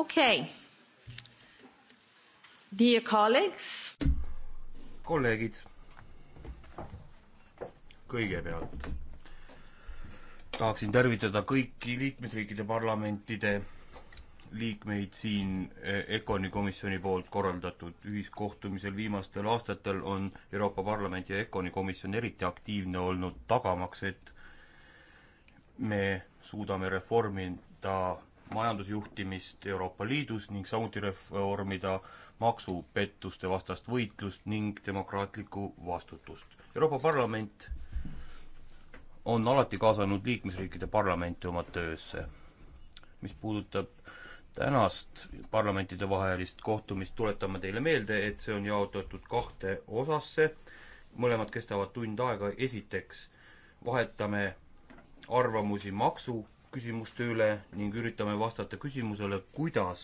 okei okay.. Dear colleagues. kolleegid. kõigepealt tahaksin tervitada kõiki liikmesriikide parlamentide liikmeid siin eh, ECONi komisjoni poolt korraldatud ühiskohtumisel viimastel aastatel on Euroopa Parlament ja ECONi komisjon eriti aktiivne olnud tagamaks, et me suudame reformida majandusjuhtimist Euroopa Liidus ning samuti reformida maksupettuste vastast võitlust ning demokraatlikku vastutust. Euroopa Parlament on alati kaasanud liikmesriikide parlamente oma töösse. mis puudutab tänast parlamentidevahelist kohtumist, tuletan ma teile meelde, et see on jaotatud kahte osasse, mõlemad kestavad tund aega, esiteks vahetame arvamusi maksu küsimuste üle ning üritame vastata küsimusele, kuidas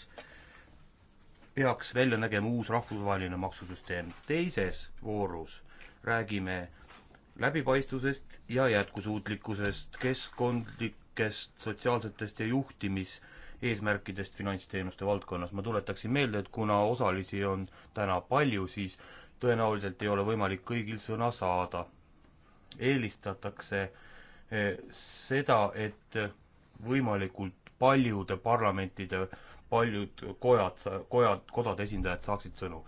peaks välja nägema uus rahvusvaheline maksusüsteem. teises voorus räägime läbipaistvusest ja jätkusuutlikkusest, keskkondlikest, sotsiaalsetest ja juhtimiseesmärkidest finantsteenuste valdkonnas. ma tuletaksin meelde, et kuna osalisi on täna palju, siis tõenäoliselt ei ole võimalik kõigil sõna saada. eelistatakse eh, seda, et võimalikult paljude parlamentide, paljud kojad, kojad, kodade esindajad saaksid sõnu,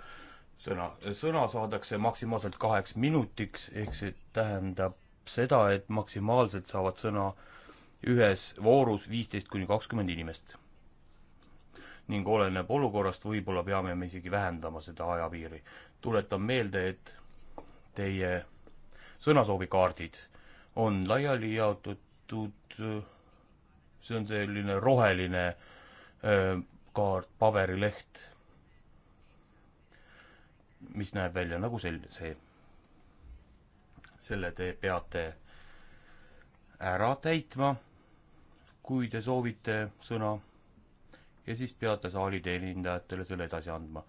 sõna. sõna saadakse maksimaalselt kaheks minutiks, ehk see tähendab seda, et maksimaalselt saavad sõna ühes voorus viisteist kuni kakskümmend inimest. ning oleneb olukorrast, võib-olla peame me isegi vähendama seda ajapiiri. tuletan meelde, et teie sõnasoovikaardid on laiali jaotatud see on selline roheline öö, kaart, paberileht, mis näeb välja nagu sel-, see. selle te peate ära täitma, kui te soovite sõna, ja siis peate saali teenindajatele selle edasi andma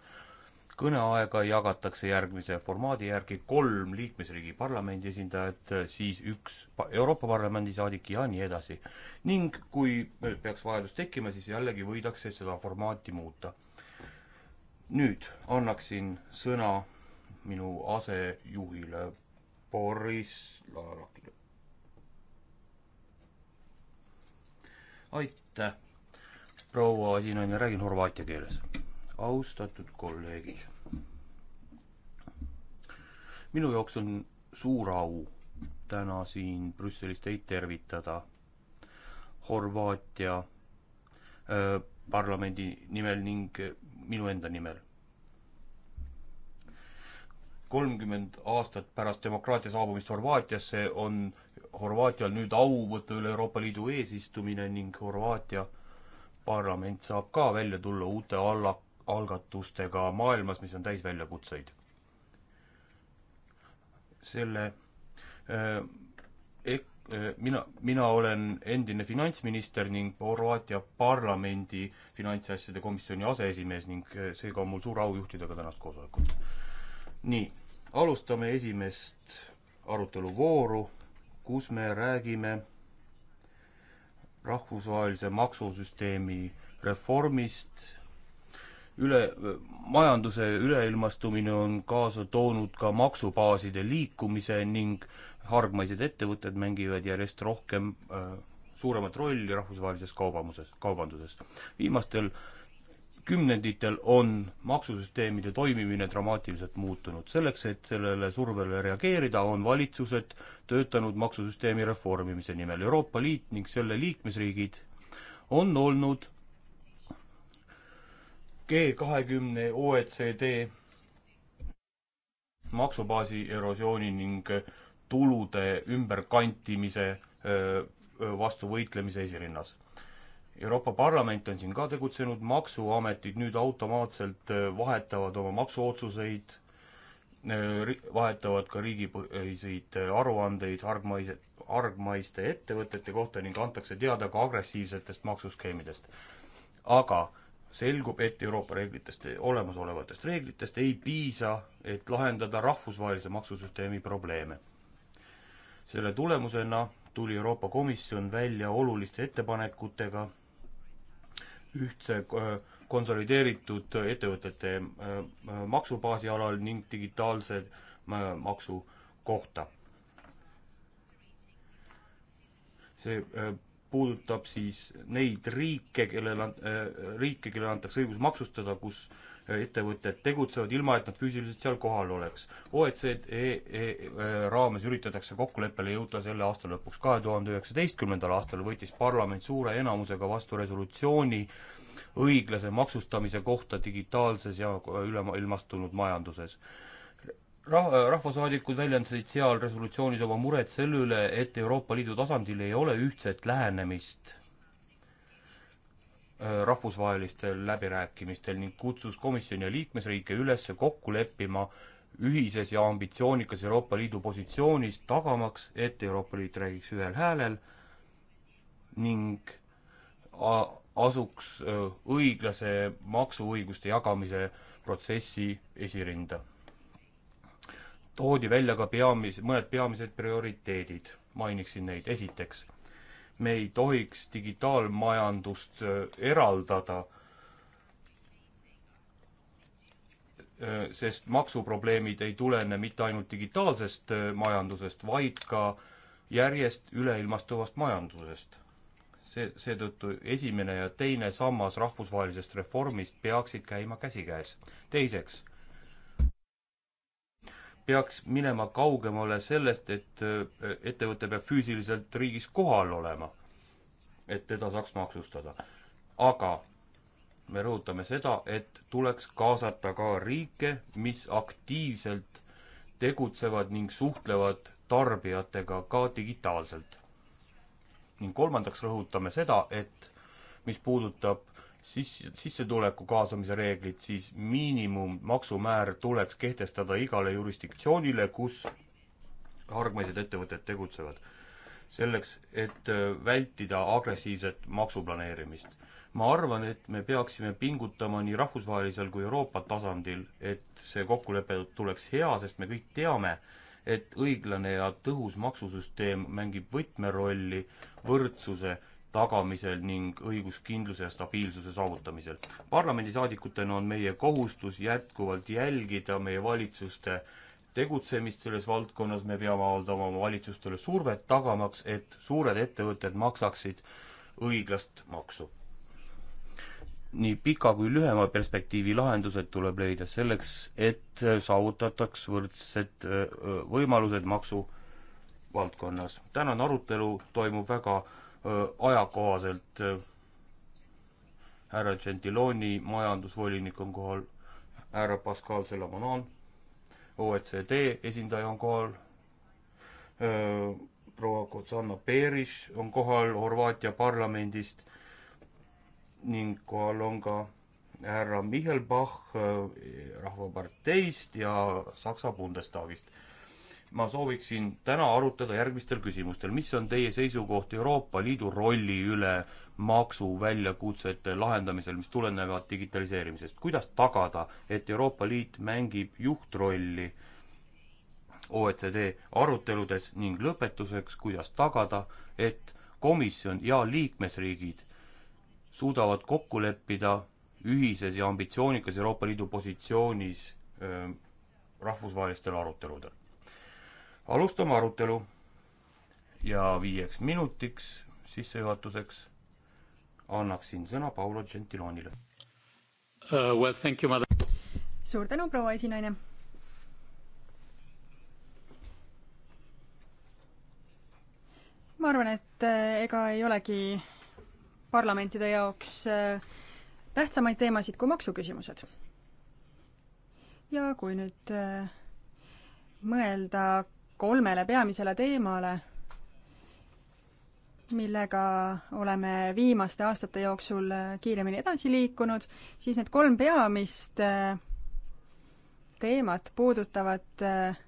kõneaega jagatakse järgmise formaadi järgi kolm liikmesriigi parlamendi esindajat, siis üks Euroopa Parlamendi saadik ja nii edasi. ning kui peaks vajadus tekkima, siis jällegi võidakse seda formaati muuta. nüüd annaksin sõna minu asejuhile Boris Laarakile. aitäh, proua esinaine, räägin horvaatia keeles austatud kolleegid. minu jaoks on suur au täna siin Brüsselis teid tervitada Horvaatia äh, parlamendi nimel ning minu enda nimel. kolmkümmend aastat pärast demokraatia saabumist Horvaatiasse on Horvaatial nüüd au võtta üle Euroopa Liidu eesistumine ning Horvaatia parlament saab ka välja tulla uute alla-, algatustega maailmas, mis on täis väljakutseid. selle äh, ek-, äh, mina, mina olen endine finantsminister ning Horvaatia parlamendi finantsasjade komisjoni aseesimees ning eh, seega on mul suur au juhtida ka tänast koosolekut. nii, alustame esimest aruteluvooru, kus me räägime rahvusvahelise maksusüsteemi reformist üle, majanduse üleilmastumine on kaasa toonud ka maksubaaside liikumise ning hargmaised ettevõtted mängivad järjest rohkem äh, suuremat rolli rahvusvahelises kaubamuses, kaubanduses. viimastel kümnenditel on maksusüsteemide toimimine dramaatiliselt muutunud. selleks, et sellele survele reageerida, on valitsused töötanud maksusüsteemi reformimise nimel. Euroopa Liit ning selle liikmesriigid on olnud G kahekümne OECD maksubaasi erosiooni ning tulude ümberkantimise vastu võitlemise esirinnas. Euroopa Parlament on siin ka tegutsenud, maksuametid nüüd automaatselt vahetavad oma maksuotsuseid, vahetavad ka riigipõhiseid aruandeid hargmaise, hargmaiste ettevõtete kohta ning antakse teada ka agressiivsetest maksuskeemidest. aga selgub, et Euroopa reeglitest, olemasolevatest reeglitest ei piisa, et lahendada rahvusvahelise maksusüsteemi probleeme. selle tulemusena tuli Euroopa Komisjon välja oluliste ettepanekutega ühtse äh, konsolideeritud ettevõtete äh, äh, maksubaasi alal ning digitaalse maksu kohta. see puudutab siis neid riike, kellele, äh, riike, kellele antakse õigus maksustada, kus äh, ettevõtted tegutsevad, ilma et nad füüsiliselt seal kohal oleks. OECD e, e, e äh, raames üritatakse kokkuleppele jõuda selle aasta lõpuks. kahe tuhande üheksateistkümnendal aastal võttis parlament suure enamusega vastu resolutsiooni õiglase maksustamise kohta digitaalses ja ülemaailmastunud majanduses rah-, äh, rahvasaadikud väljendasid seal resolutsioonis oma muret selle üle, et Euroopa Liidu tasandil ei ole ühtset lähenemist äh, rahvusvahelistel läbirääkimistel ning kutsus komisjoni ja liikmesriike üles kokku leppima ühises ja ambitsioonikas Euroopa Liidu positsioonis, tagamaks, et Euroopa Liit räägiks ühel häälel ning asuks äh, õiglase maksuõiguste jagamise protsessi esirinda toodi välja ka peamis-, mõned peamised prioriteedid, mainiksin neid, esiteks, me ei tohiks digitaalmajandust äh, eraldada, äh, sest maksuprobleemid ei tulene mitte ainult digitaalsest äh, majandusest, vaid ka järjest üleilmastuvast majandusest see, seetõttu esimene ja teine sammas rahvusvahelisest reformist peaksid käima käsikäes. teiseks, peaks minema kaugemale sellest, et äh, ettevõte peab füüsiliselt riigis kohal olema, et teda saaks maksustada. aga me rõhutame seda, et tuleks kaasata ka riike, mis aktiivselt tegutsevad ning suhtlevad tarbijatega ka digitaalselt. ning kolmandaks rõhutame seda, et mis puudutab sisse, sissetuleku kaasamise reeglid, siis miinimummaksumäär tuleks kehtestada igale jurisdiktsioonile, kus hargmaised ettevõtted tegutsevad. selleks, et äh, vältida agressiivset maksuplaneerimist. ma arvan, et me peaksime pingutama nii rahvusvahelisel kui Euroopa tasandil, et see kokkulepe tuleks hea, sest me kõik teame, et õiglane ja tõhus maksusüsteem mängib võtmerolli võrdsuse tagamisel ning õiguskindluse ja stabiilsuse saavutamisel. parlamendisaadikutena on meie kohustus jätkuvalt jälgida meie valitsuste tegutsemist selles valdkonnas, me peame avaldama oma valitsustele survet, tagamaks, et suured ettevõtted maksaksid õiglast maksu. nii pika kui lühema perspektiivi lahendused tuleb leida selleks, et saavutataks võrdsed võimalused maksu valdkonnas. tänane arutelu toimub väga äh, ajakohaselt. härra Gentiloni majandusvolinik on kohal, härra Pascal Selamanon, OECD esindaja on kohal, proua Kotsanna Periš on kohal Horvaatia parlamendist ning kohal on ka härra Michelbach Rahvaparteist ja Saksa Bundestagist ma sooviksin täna arutada järgmistel küsimustel. mis on teie seisukoht Euroopa Liidu rolli üle maksuväljakutsete lahendamisel, mis tulenevad digitaliseerimisest? kuidas tagada, et Euroopa Liit mängib juhtrolli OECD aruteludes ning lõpetuseks, kuidas tagada, et komisjon ja liikmesriigid suudavad kokku leppida ühises ja ambitsioonikas Euroopa Liidu positsioonis öö, rahvusvahelistel aruteludel alustame arutelu ja viieks minutiks sissejuhatuseks annaksin sõna Paolo Gentilonile uh,. Well, thank you, madam. suur tänu, proua esinaine. ma arvan, et eh, ega ei olegi parlamentide jaoks eh, tähtsamaid teemasid kui maksuküsimused. ja kui nüüd eh, mõelda kolmele peamisele teemale, millega oleme viimaste aastate jooksul kiiremini edasi liikunud, siis need kolm peamist äh, teemat puudutavad äh,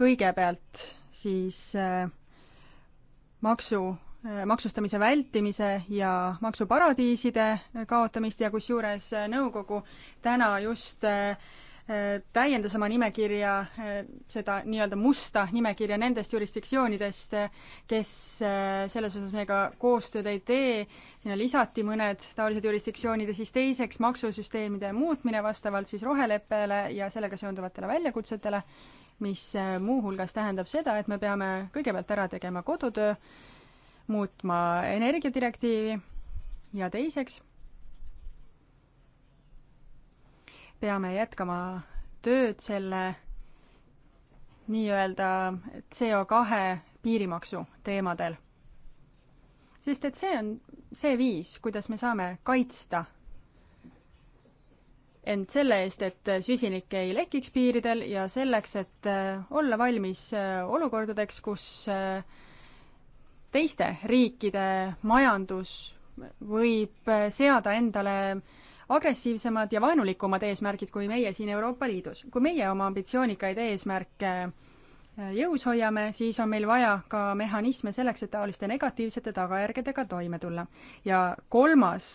kõigepealt siis äh, maksu, maksustamise vältimise ja maksuparadiiside kaotamist ja kusjuures nõukogu täna just täiendas oma nimekirja, seda nii-öelda musta nimekirja nendest jurisdiktsioonidest, kes äh, selles osas meiega koostööd ei tee, sinna lisati mõned taolised jurisdiktsioonid ja siis teiseks maksusüsteemide muutmine vastavalt siis roheleppele ja sellega seonduvatele väljakutsetele, mis äh, muuhulgas tähendab seda, et me peame kõigepealt ära tegema kodutöö, muutma energiadirektiivi ja teiseks peame jätkama tööd selle nii-öelda CO kahe piirimaksu teemadel. sest et see on see viis, kuidas me saame kaitsta ent selle eest, et süsinik ei lekiks piiridel ja selleks, et äh, olla valmis äh, olukordadeks, kus äh, teiste riikide majandus võib seada endale agressiivsemad ja vaenulikumad eesmärgid kui meie siin Euroopa Liidus. kui meie oma ambitsioonikaid eesmärke äh, jõus hoiame, siis on meil vaja ka mehhanisme selleks, et taoliste negatiivsete tagajärgedega toime tulla. ja kolmas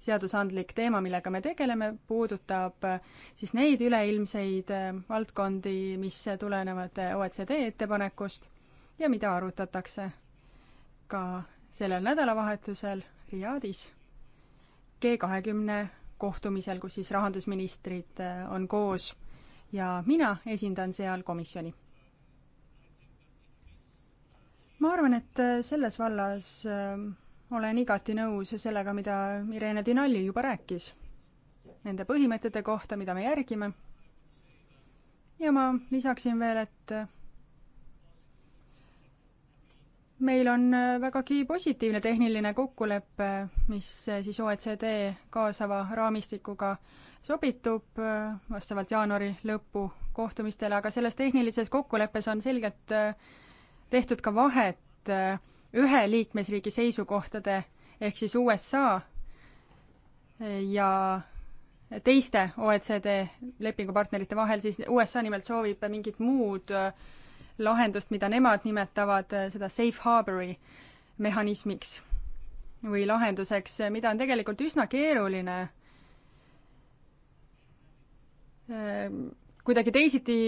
seadusandlik teema, millega me tegeleme, puudutab äh, siis neid üleilmseid äh, valdkondi, mis tulenevad OECD ettepanekust ja mida arutatakse ka sellel nädalavahetusel Riadis G kahekümne kohtumisel, kus siis rahandusministrid äh, on koos ja mina esindan seal komisjoni. ma arvan, et äh, selles vallas äh, olen igati nõus sellega, mida Irene Dinalli juba rääkis, nende põhimõtete kohta, mida me järgime. ja ma lisaksin veel, et meil on äh, vägagi positiivne tehniline kokkulepe, mis äh, siis OECD kaasava raamistikuga sobitub äh, vastavalt jaanuari lõpu kohtumistele, aga selles tehnilises kokkuleppes on selgelt tehtud ka vahet ühe liikmesriigi seisukohtade ehk siis USA ja teiste OECD lepingupartnerite vahel, siis USA nimelt soovib mingit muud äh, lahendust, mida nemad nimetavad eh, seda safe harbori mehhanismiks või lahenduseks, eh, mida on tegelikult üsna keeruline eh, kuidagi teisiti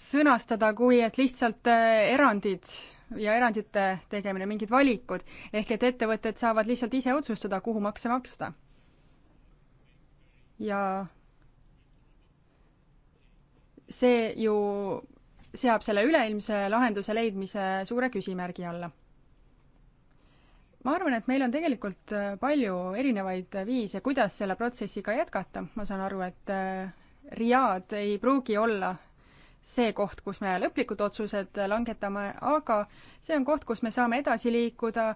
sõnastada, kui et lihtsalt erandid ja erandite tegemine, mingid valikud. ehk et ettevõtted saavad lihtsalt ise otsustada, kuhu makse maksta. ja see ju seab selle üleilmse lahenduse leidmise suure küsimärgi alla. ma arvan, et meil on tegelikult äh, palju erinevaid viise, kuidas selle protsessiga jätkata, ma saan aru, et äh, Riad ei pruugi olla see koht, kus me lõplikud otsused äh, langetame, aga see on koht, kus me saame edasi liikuda,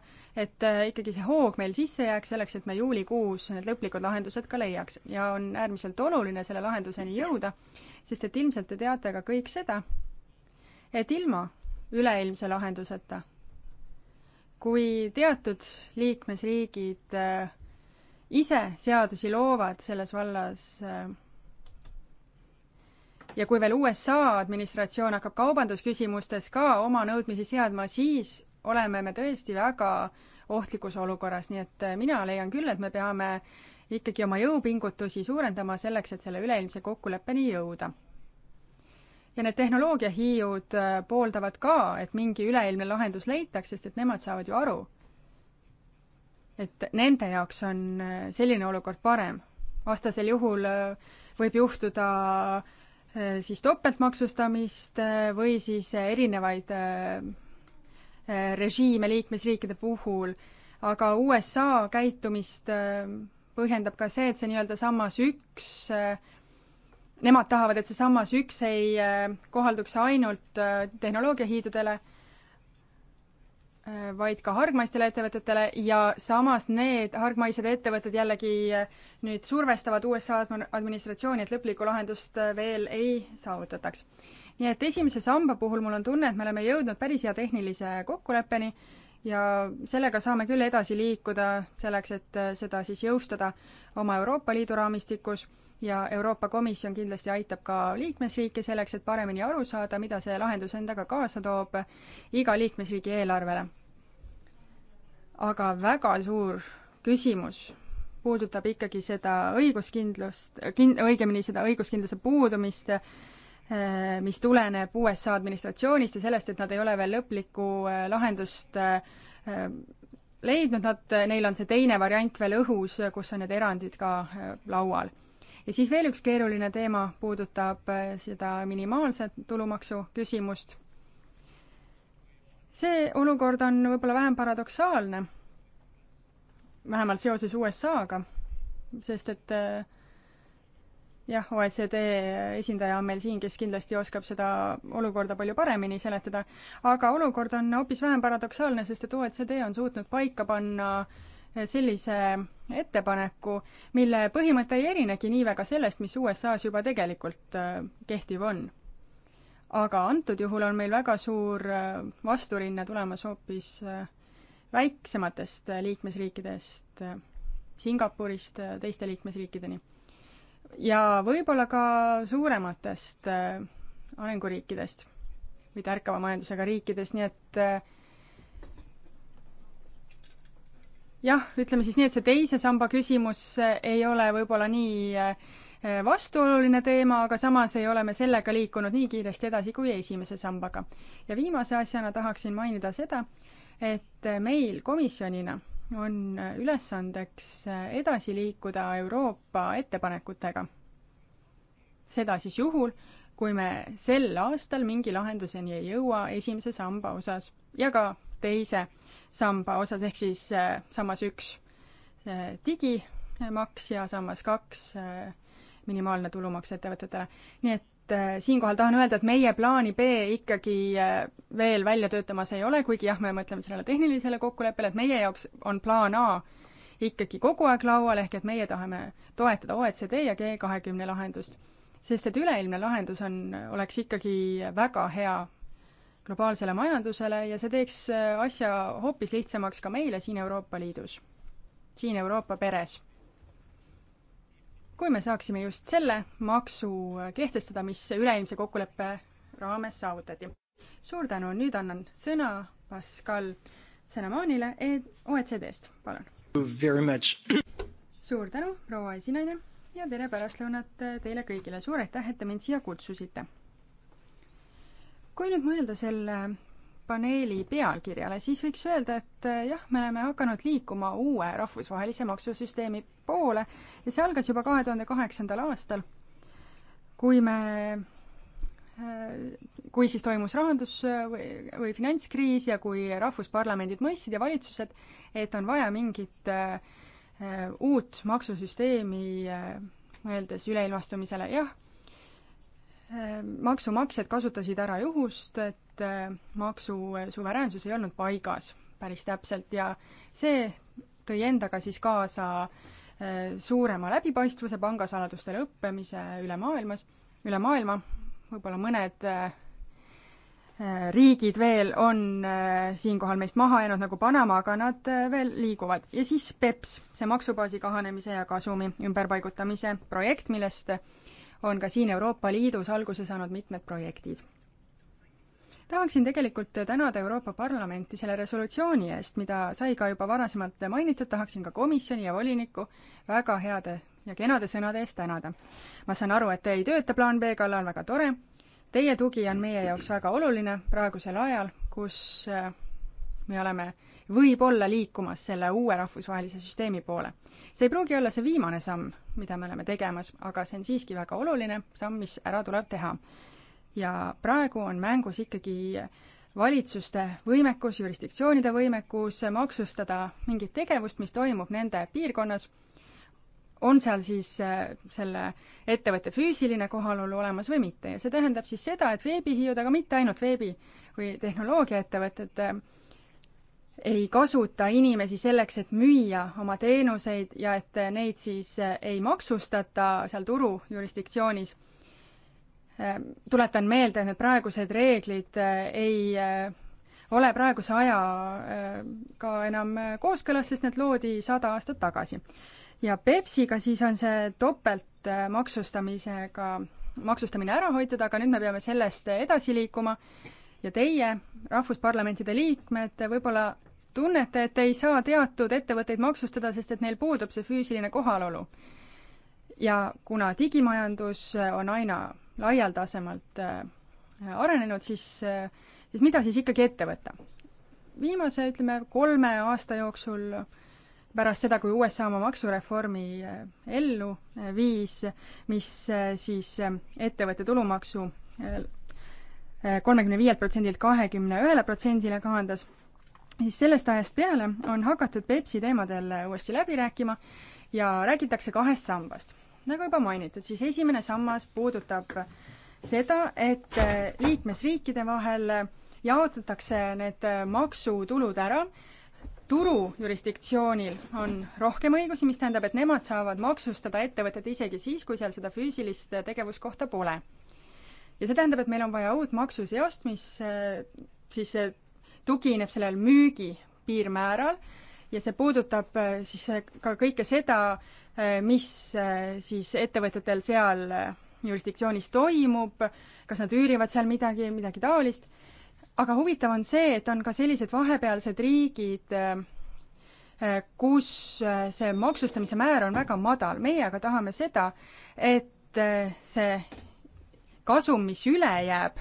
et ikkagi see hoog meil sisse jääks, selleks et me juulikuus need lõplikud lahendused ka leiaks. ja on äärmiselt oluline selle lahenduseni jõuda, sest et ilmselt te teate ka kõik seda, et ilma üleilmse lahenduseta, kui teatud liikmesriigid äh, ise seadusi loovad selles vallas äh, ja kui veel USA administratsioon hakkab kaubandusküsimustes ka oma nõudmisi seadma, siis oleme me tõesti väga ohtlikus olukorras, nii et äh, mina leian küll, et me peame ikkagi oma jõupingutusi suurendama selleks, et selle üleilmse kokkuleppeni jõuda ja need tehnoloogiahiiud äh, pooldavad ka, et mingi üleilmne lahendus leitaks, sest et nemad saavad ju aru, et nende jaoks on äh, selline olukord parem. vastasel juhul äh, võib juhtuda siis topeltmaksustamist või siis erinevaid režiime liikmesriikide puhul, aga USA käitumist põhjendab ka see, et see nii-öelda sammas üks äh, nemad tahavad, et see sammas üks ei äh, kohalduks ainult äh, tehnoloogiahiidudele, äh, vaid ka hargmaistele ettevõtetele ja samas need hargmaised ettevõtted jällegi nüüd survestavad USA administratsiooni, et lõplikku lahendust veel ei saavutataks. nii et esimese samba puhul mul on tunne, et me oleme jõudnud päris hea tehnilise kokkuleppeni ja sellega saame küll edasi liikuda selleks, et seda siis jõustada oma Euroopa Liidu raamistikus ja Euroopa Komisjon kindlasti aitab ka liikmesriike selleks, et paremini aru saada, mida see lahendus endaga kaasa toob iga liikmesriigi eelarvele. aga väga suur küsimus puudutab ikkagi seda õiguskindlust, kin-, õigemini seda õiguskindluse puudumist, eh, mis tuleneb USA administratsioonist ja sellest, et nad ei ole veel lõplikku eh, lahendust eh, leidnud, nad, neil on see teine variant veel õhus, kus on need erandid ka laual ja siis veel üks keeruline teema puudutab äh, seda minimaalse tulumaksu küsimust. see olukord on võib-olla vähem paradoksaalne, vähemalt seoses USA-ga, sest et äh, jah, OECD esindaja on meil siin, kes kindlasti oskab seda olukorda palju paremini seletada, aga olukord on hoopis vähem paradoksaalne, sest et OECD on suutnud paika panna äh, Eh, sellise ettepaneku, mille põhimõte ei erinegi nii väga sellest, mis USA-s juba tegelikult eh, kehtiv on. aga antud juhul on meil väga suur eh, vasturinne tulemas hoopis väiksematest liikmesriikidest, Singapurist teiste liikmesriikideni. ja võib-olla ka suurematest arenguriikidest või tärkava majandusega riikidest, nii et jah, ütleme siis nii, et see teise samba küsimus äh, ei ole võib-olla nii äh, äh, vastuoluline teema, aga samas ei ole me sellega liikunud nii kiiresti edasi kui esimese sambaga. ja viimase asjana tahaksin mainida seda, et meil komisjonina on ülesandeks edasi liikuda Euroopa ettepanekutega. seda siis juhul, kui me sel aastal mingi lahenduseni ei jõua esimese samba osas ja ka teise äh, samba osas, ehk siis äh, sammas üks äh, digimaks ja sammas kaks äh, minimaalne tulumaks ettevõtetele. nii et siinkohal tahan öelda, et meie plaani B ikkagi veel välja töötamas ei ole, kuigi jah, me mõtleme sellele tehnilisele kokkuleppele, et meie jaoks on plaan A ikkagi kogu aeg laual, ehk et meie tahame toetada OECD ja G kahekümne lahendust. sest et üleilmne lahendus on, oleks ikkagi väga hea globaalsele majandusele ja see teeks äh, asja hoopis lihtsamaks ka meile siin Euroopa Liidus, siin Euroopa peres. kui me saaksime just selle maksu äh, kehtestada, mis üleilmse kokkuleppe raames saavutati. suur tänu, nüüd annan sõna Pascal Senamanile e-, OECD-st, palun. suur tänu, proua esinaine ja tere pärastlõunat äh, teile kõigile, suur aitäh, et te mind siia kutsusite kui nüüd mõelda selle paneeli pealkirjale, siis võiks öelda, et eh, jah, me oleme hakanud liikuma uue rahvusvahelise maksusüsteemi poole ja see algas juba kahe tuhande kaheksandal aastal, kui me, eh, kui siis toimus rahandus- eh, või, või finantskriis ja kui rahvusparlamendid mõistsid ja valitsused, et on vaja mingit uut maksusüsteemi, mõeldes üleilmastumisele, jah maksumaksjad kasutasid ära juhust, et äh, maksusuveräänsus äh, ei olnud paigas päris täpselt ja see tõi endaga siis kaasa äh, suurema läbipaistvuse pangasaladustele õppimise üle maailmas, üle maailma, võib-olla mõned riigid veel on siinkohal meist maha jäänud, nagu Panama, aga nad veel liiguvad. ja siis PEPS, see maksubaasi kahanemise ja kasumi ümberpaigutamise projekt, millest on ka siin Euroopa Liidus alguse saanud mitmed projektid. tahaksin tegelikult tänada Euroopa Parlamenti selle resolutsiooni eest, mida sai ka juba varasemalt mainitud, tahaksin ka komisjoni ja volinikku väga heade ja kenade sõnade eest tänada. ma saan aru, et te ei tööta plaan B kallal, väga tore, teie tugi on meie jaoks väga oluline praegusel ajal, kus äh, me oleme võib-olla liikumas selle uue rahvusvahelise süsteemi poole. see ei pruugi olla see viimane samm, mida me oleme tegemas, aga see on siiski väga oluline samm, mis ära tuleb teha. ja praegu on mängus ikkagi valitsuste võimekus, jurisdiktsioonide võimekus maksustada mingit tegevust, mis toimub nende piirkonnas, on seal siis äh, selle ettevõtte füüsiline kohalolu olemas või mitte ja see tähendab siis seda, et veebihiiud, aga mitte ainult veebi- või tehnoloogiaettevõtted et äh, ei kasuta inimesi selleks, et müüa oma teenuseid ja et neid siis äh, ei maksustata seal turu jurisdiktsioonis. Ähm, tuletan meelde, et need praegused reeglid äh, ei äh, ole praeguse ajaga enam kooskõlas, sest need loodi sada aastat tagasi. ja Pepsiga siis on see topeltmaksustamisega, maksustamine ära hoitud, aga nüüd me peame sellest edasi liikuma ja teie, Rahvusparlamentide liikmed, võib-olla tunnete, et ei saa teatud ettevõtteid maksustada, sest et neil puudub see füüsiline kohalolu. ja kuna digimajandus on aina laialdasemalt äh, arenenud, siis, äh, siis mida siis ikkagi ette võtta? viimase, ütleme, kolme aasta jooksul pärast seda, kui USA oma maksureformi äh, ellu viis, mis siis ettevõtte tulumaksu kolmekümne viielt protsendilt kahekümne ühele protsendile kahandas, siis sellest ajast peale on hakatud Peipsi teemadel uuesti läbi rääkima ja räägitakse kahest sambast. nagu juba mainitud, siis esimene sammas puudutab seda, et liikmesriikide vahel jaotatakse need maksutulud ära, turu jurisdiktsioonil on rohkem õigusi, mis tähendab, et nemad saavad maksustada ettevõtet isegi siis, kui seal seda füüsilist tegevuskohta pole. ja see tähendab, et meil on vaja uut maksuseost, mis eh, siis eh, tugineb sellel müügi piirmääral ja see puudutab äh, siis äh, ka kõike seda, äh, mis siis ettevõtetel seal jurisdiktsioonis toimub, kas nad üürivad seal midagi, midagi taolist, aga huvitav on see, et on ka sellised vahepealsed riigid, kus see maksustamise määr on väga madal, meie aga tahame seda, et see kasum, mis üle jääb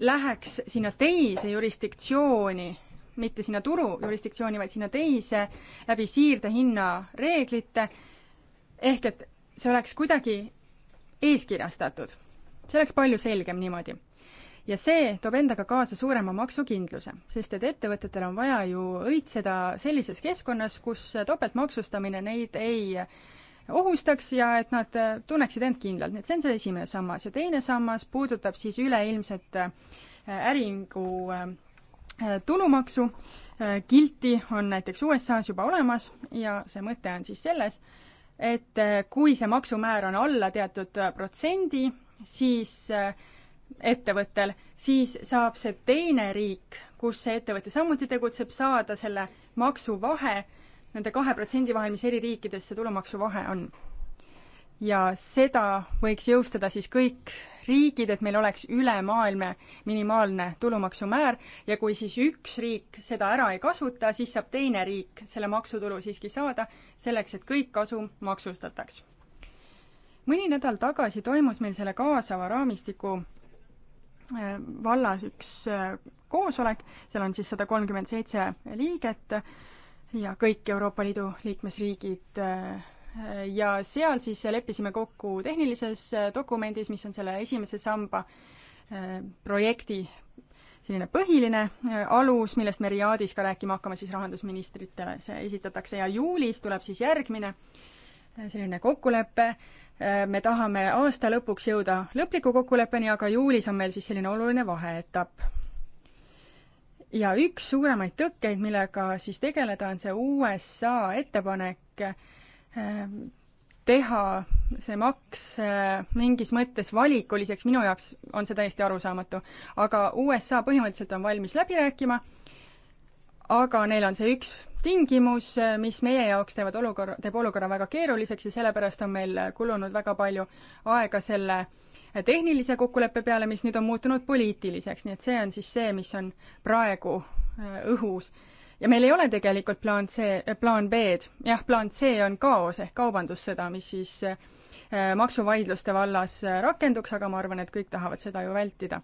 läheks sinna teise jurisdiktsiooni, mitte sinna turu jurisdiktsiooni, vaid sinna teise läbi siirdehinna reeglite, ehk et see oleks kuidagi eeskirjastatud. see oleks palju selgem niimoodi. ja see toob endaga kaasa suurema maksukindluse, sest et ettevõtetel on vaja ju õitseda sellises keskkonnas, kus topeltmaksustamine neid ei äh, ohustaks ja et nad äh, tunneksid end kindlalt, nii et see on see esimene sammas ja teine sammas puudutab siis üleilmset äh, äriühingu äh, tulumaksu, kilti on näiteks USA-s juba olemas ja see mõte on siis selles, et kui see maksumäär on alla teatud protsendi, siis ettevõttel, siis saab see teine riik, kus see ettevõte samuti tegutseb, saada selle maksuvahe nende kahe protsendi vahel, mis eri riikides see tulumaksuvahe on. ja seda võiks jõustada siis kõik riigid, et meil oleks üle maailma minimaalne tulumaksumäär ja kui siis üks riik seda ära ei kasuta, siis saab teine riik selle maksutulu siiski saada, selleks et kõik kasum maksustataks. mõni nädal tagasi toimus meil selle kaasava raamistiku äh, vallas üks äh, koosolek, seal on siis sada kolmkümmend seitse liiget, ja kõik Euroopa Liidu liikmesriigid äh, ja seal siis leppisime kokku tehnilises äh, dokumendis, mis on selle esimese samba äh, projekti selline põhiline alus, millest me Riadis ka rääkima hakkame siis rahandusministritele, see esitatakse ja juulis tuleb siis järgmine selline kokkulepe, me tahame aasta lõpuks jõuda lõpliku kokkuleppeni, aga juulis on meil siis selline oluline vaheetapp ja üks suuremaid tõkkeid, millega siis tegeleda, on see USA ettepanek ähm, teha see maks äh, mingis mõttes valikuliseks, minu jaoks on see täiesti arusaamatu. aga USA põhimõtteliselt on valmis läbi rääkima, aga neil on see üks tingimus, äh, mis meie jaoks teevad olukorra, teeb olukorra väga keeruliseks ja sellepärast on meil kulunud väga palju aega selle äh, tehnilise kokkuleppe peale, mis nüüd on muutunud poliitiliseks, nii et see on siis see, mis on praegu äh, õhus. ja meil ei ole tegelikult plaan C, äh, plaan B-d, jah, plaan C on kaos ehk kaubandussõda, mis siis äh, maksuvaidluste vallas rakenduks, aga ma arvan, et kõik tahavad seda ju vältida.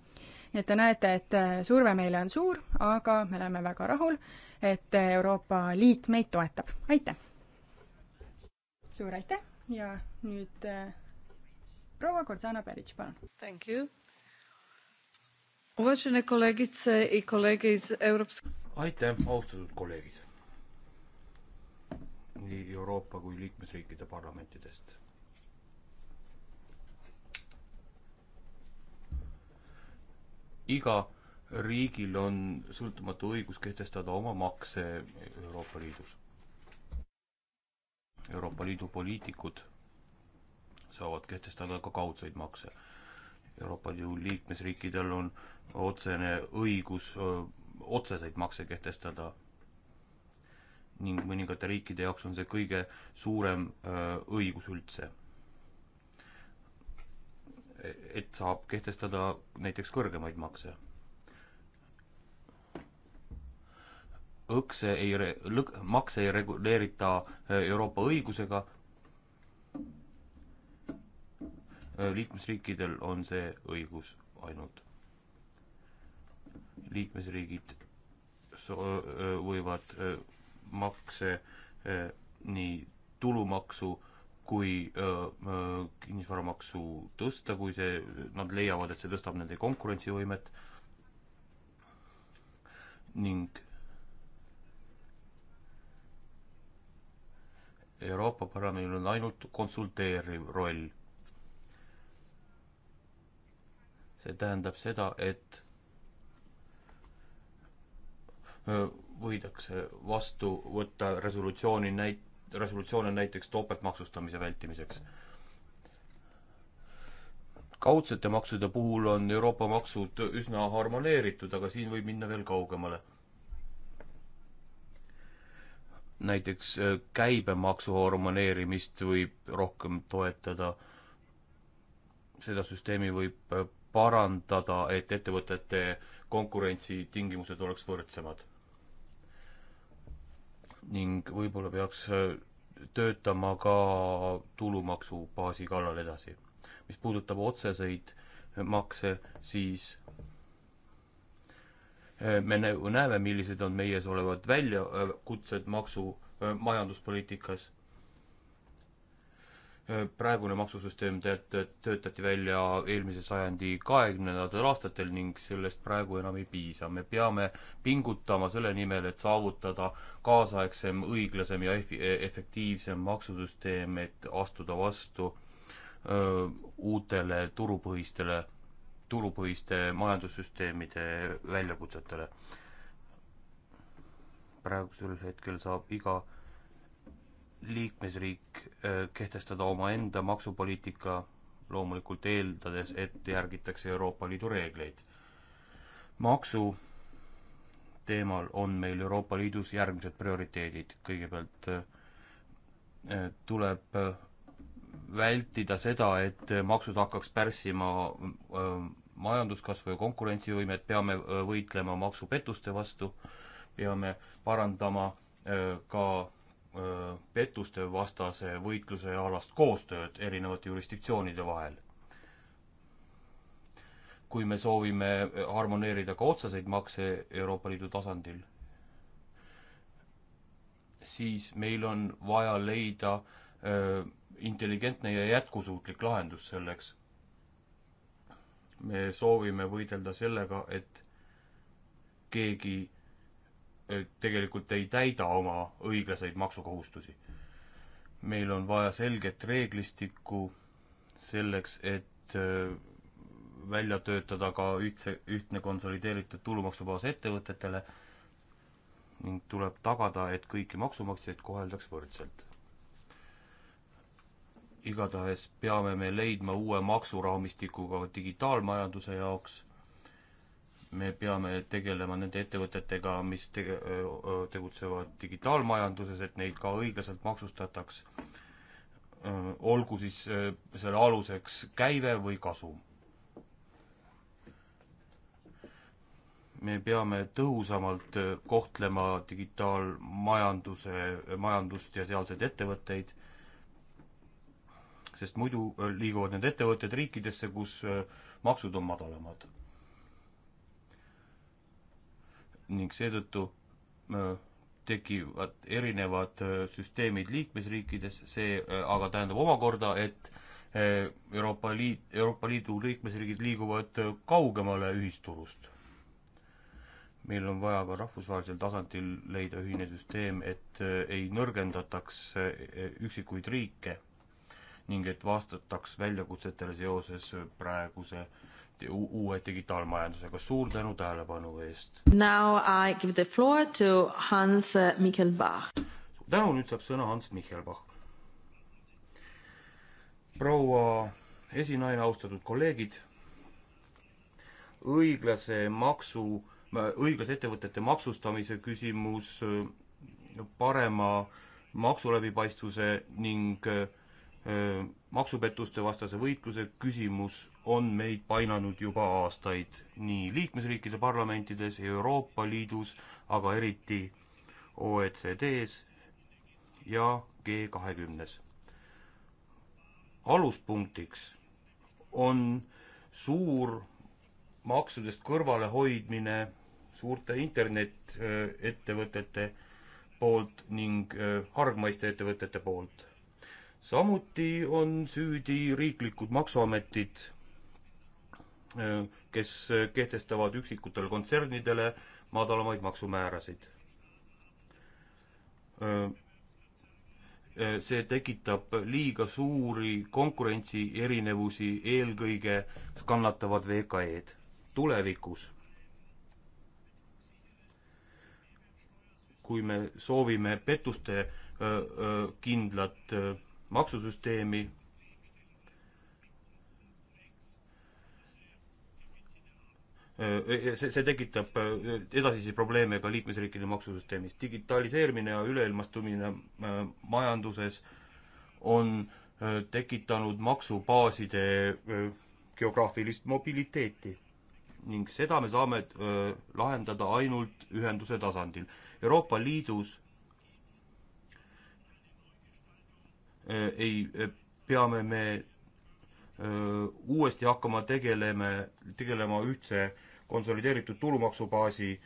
nii et te näete, et surve meile on suur, aga me oleme väga rahul, et Euroopa Liit meid toetab, aitäh! suur aitäh ja nüüd proua Gordana Peric, palun. Thank you. Uvažene kolegice i kolege iz Euroopa. aitäh, austatud kolleegid nii Euroopa kui liikmesriikide parlamentidest. iga riigil on sõltumatu õigus kehtestada oma makse Euroopa Liidus. Euroopa Liidu poliitikud saavad kehtestada ka kaudseid makse. Euroopa Liidu liikmesriikidel on otsene õigus öö, otseseid makse kehtestada ning mõningate riikide jaoks on see kõige suurem öö, õigus üldse. E-, et saab kehtestada näiteks kõrgemaid makse. õkse ei re-, lõk-, makse ei reguleerita Euroopa õigusega, liikmesriikidel on see õigus ainult. liikmesriigid so-, võivad makse nii tulumaksu kui kinnisvaramaksu tõsta, kui see, nad leiavad, et see tõstab nende konkurentsivõimet ning Euroopa Parlamendil on ainult konsulteeriv roll see tähendab seda, et võidakse vastu võtta resolutsiooni näit-, resolutsioone näiteks topeltmaksustamise vältimiseks. kaudsete maksude puhul on Euroopa maksud üsna harmoneeritud, aga siin võib minna veel kaugemale. näiteks käibemaksu harmoneerimist võib rohkem toetada, seda süsteemi võib parandada, et ettevõtete konkurentsitingimused oleks võrdsemad. ning võib-olla peaks äh, töötama ka tulumaksubaasi kallal edasi. mis puudutab otseseid äh, makse, siis äh, me näeme, millised on meie ees olevad väljakutsed maksu majanduspoliitikas Äh, praegune maksusüsteem teat-, töötati välja eelmise sajandi kahekümnendatel aastatel ning sellest praegu enam ei piisa. me peame pingutama selle nimel, et saavutada kaasaegsem, õiglasem ja ef-, e-, efektiivsem maksusüsteem, et astuda vastu öö, äh, uutele turupõhistele, turupõhiste majandussüsteemide väljakutsetele. praegusel hetkel saab iga öö, liikmesriik äh, kehtestada omaenda maksupoliitika, loomulikult eeldades, et järgitakse Euroopa Liidu reegleid. maksu teemal on meil Euroopa Liidus järgmised prioriteedid, kõigepealt äh, tuleb äh, vältida seda, et maksud hakkaks pärssima majanduskasvu ja konkurentsivõimet, peame võitlema maksupettuste vastu, peame parandama ka Äh, pettuste vastase võitluse alast koostööd erinevate jurisdiktsioonide vahel. kui me soovime harmoneerida ka otseseid makse Euroopa Liidu tasandil, siis meil on vaja leida öö, äh, intelligentne ja jätkusuutlik lahendus selleks. me soovime võidelda sellega, et keegi tegelikult ei täida oma õiglaseid maksukohustusi. meil on vaja selget reeglistikku selleks, et äh, välja töötada ka ühtse, ühtne konsolideeritud tulumaksubaas ettevõtetele ning tuleb tagada, et kõiki maksumaksjaid koheldaks võrdselt. igatahes peame me leidma uue maksuraamistikuga digitaalmajanduse jaoks me peame tegelema nende ettevõtetega, mis tege-, tegutsevad digitaalmajanduses, et neid ka õiglaselt maksustataks, olgu siis selle aluseks käive või kasum. me peame tõhusamalt kohtlema digitaalmajanduse, majandust ja sealseid ettevõtteid, sest muidu liiguvad need ettevõtted riikidesse, kus maksud on madalamad ning seetõttu tekivad erinevad süsteemid liikmesriikides, see aga tähendab omakorda, et Euroopa Liit, Euroopa Liidu liikmesriigid liiguvad kaugemale ühisturust. meil on vaja ka rahvusvahelisel tasandil leida ühine süsteem, et ei nõrgendataks üksikuid riike ning et vastataks väljakutsetele seoses praeguse äh, uue digitaalmajandusega. suur tänu tähelepanu eest. Now I give the floor to Hans uh, Michelbach. suur tänu, nüüd saab sõna Hans Michelbach. proua esinaine, austatud kolleegid. õiglase maksu, õiglase ettevõtete maksustamise küsimus, parema maksuläbipaistvuse ning äh, maksupettuste vastase võitluse küsimus on meid painanud juba aastaid nii liikmesriikide parlamentides, Euroopa Liidus, aga eriti OECD-s ja G kahekümnes. aluspunktiks on suur maksudest kõrvalehoidmine suurte internetettevõtete poolt ning hargmaiste ettevõtete poolt samuti on süüdi riiklikud maksuametid, äh, kes kehtestavad üksikutele kontsernidele madalamaid maksumäärasid. Äh, äh, see tekitab liiga suuri konkurentsierinevusi, eelkõige kannatavad VKE-d tulevikus. kui me soovime pettuste kindlat maksusüsteemi, äh, see, see tekitab äh, edasisi probleeme ka liikmesriikide maksusüsteemis. digitaliseerimine ja üleilmastumine äh, majanduses on tekitanud maksubaaside geograafilist mobiliteeti ning seda me saame lahendada ainult ühenduse tasandil. Euroopa Liidus Äh, ei, äh, peame me äh, uuesti hakkama tegelema, tegelema ühtse konsolideeritud tulumaksubaasi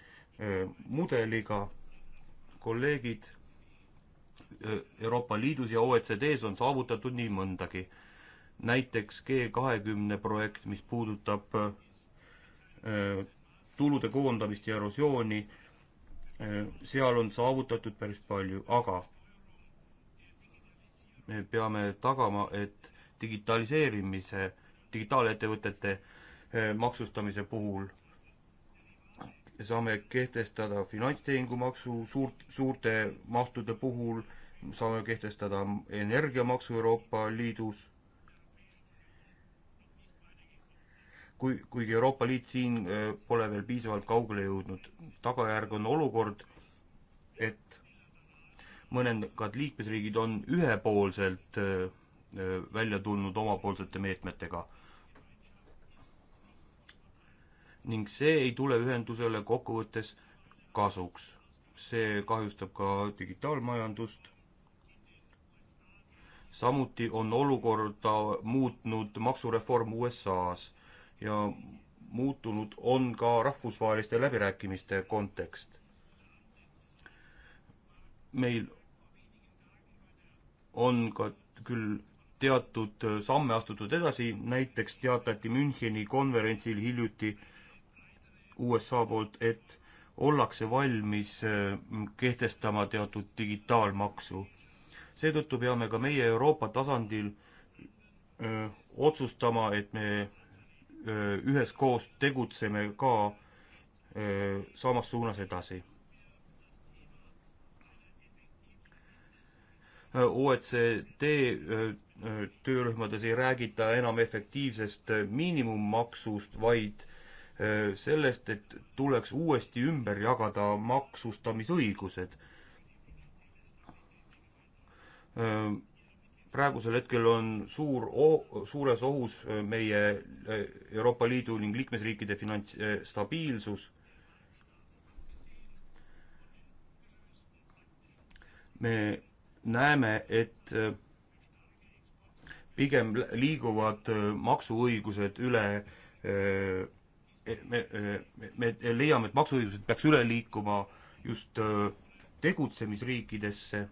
mudeliga. kolleegid Euroopa Liidus ja OECD-s on saavutatud nii mõndagi. näiteks G kahekümne projekt, mis puudutab tulude koondamist ja erosiooni, seal on saavutatud päris palju, aga me peame tagama, et digitaliseerimise, digitaalettevõtete eh, maksustamise puhul saame kehtestada finantstehingumaksu suurt, suurte mahtude puhul, saame kehtestada energiamaksu Euroopa Liidus. kui, kuigi Euroopa Liit siin eh, pole veel piisavalt kaugele jõudnud, tagajärg on olukord, et mõned liikmesriigid on ühepoolselt äh, äh, välja tulnud omapoolsete meetmetega. ning see ei tule ühendusele kokkuvõttes kasuks. see kahjustab ka digitaalmajandust. samuti on olukorda muutnud maksureform USA-s ja muutunud on ka rahvusvaheliste läbirääkimiste kontekst. meil on ka küll teatud samme astutud edasi, näiteks teatati Müncheni konverentsil hiljuti USA poolt, et ollakse valmis mm, kehtestama teatud digitaalmaksu. seetõttu peame ka meie Euroopa tasandil öö, otsustama, et me öö, üheskoos tegutseme ka öö, samas suunas edasi OECD äh, äh, töörühmades ei räägita enam efektiivsest äh, miinimummaksust, vaid sellest, et tuleks uuesti ümber jagada maksustamisõigused. praegusel hetkel on suur oh,, suures ohus meie Euroopa Liidu ning liikmesriikide finantsstabiilsus me näeme, et äh, pigem liiguvad äh, maksuõigused üle äh, e-, e-, me, me leiame, et maksuõigused peaks üle liikuma just tegutsemisriikidesse.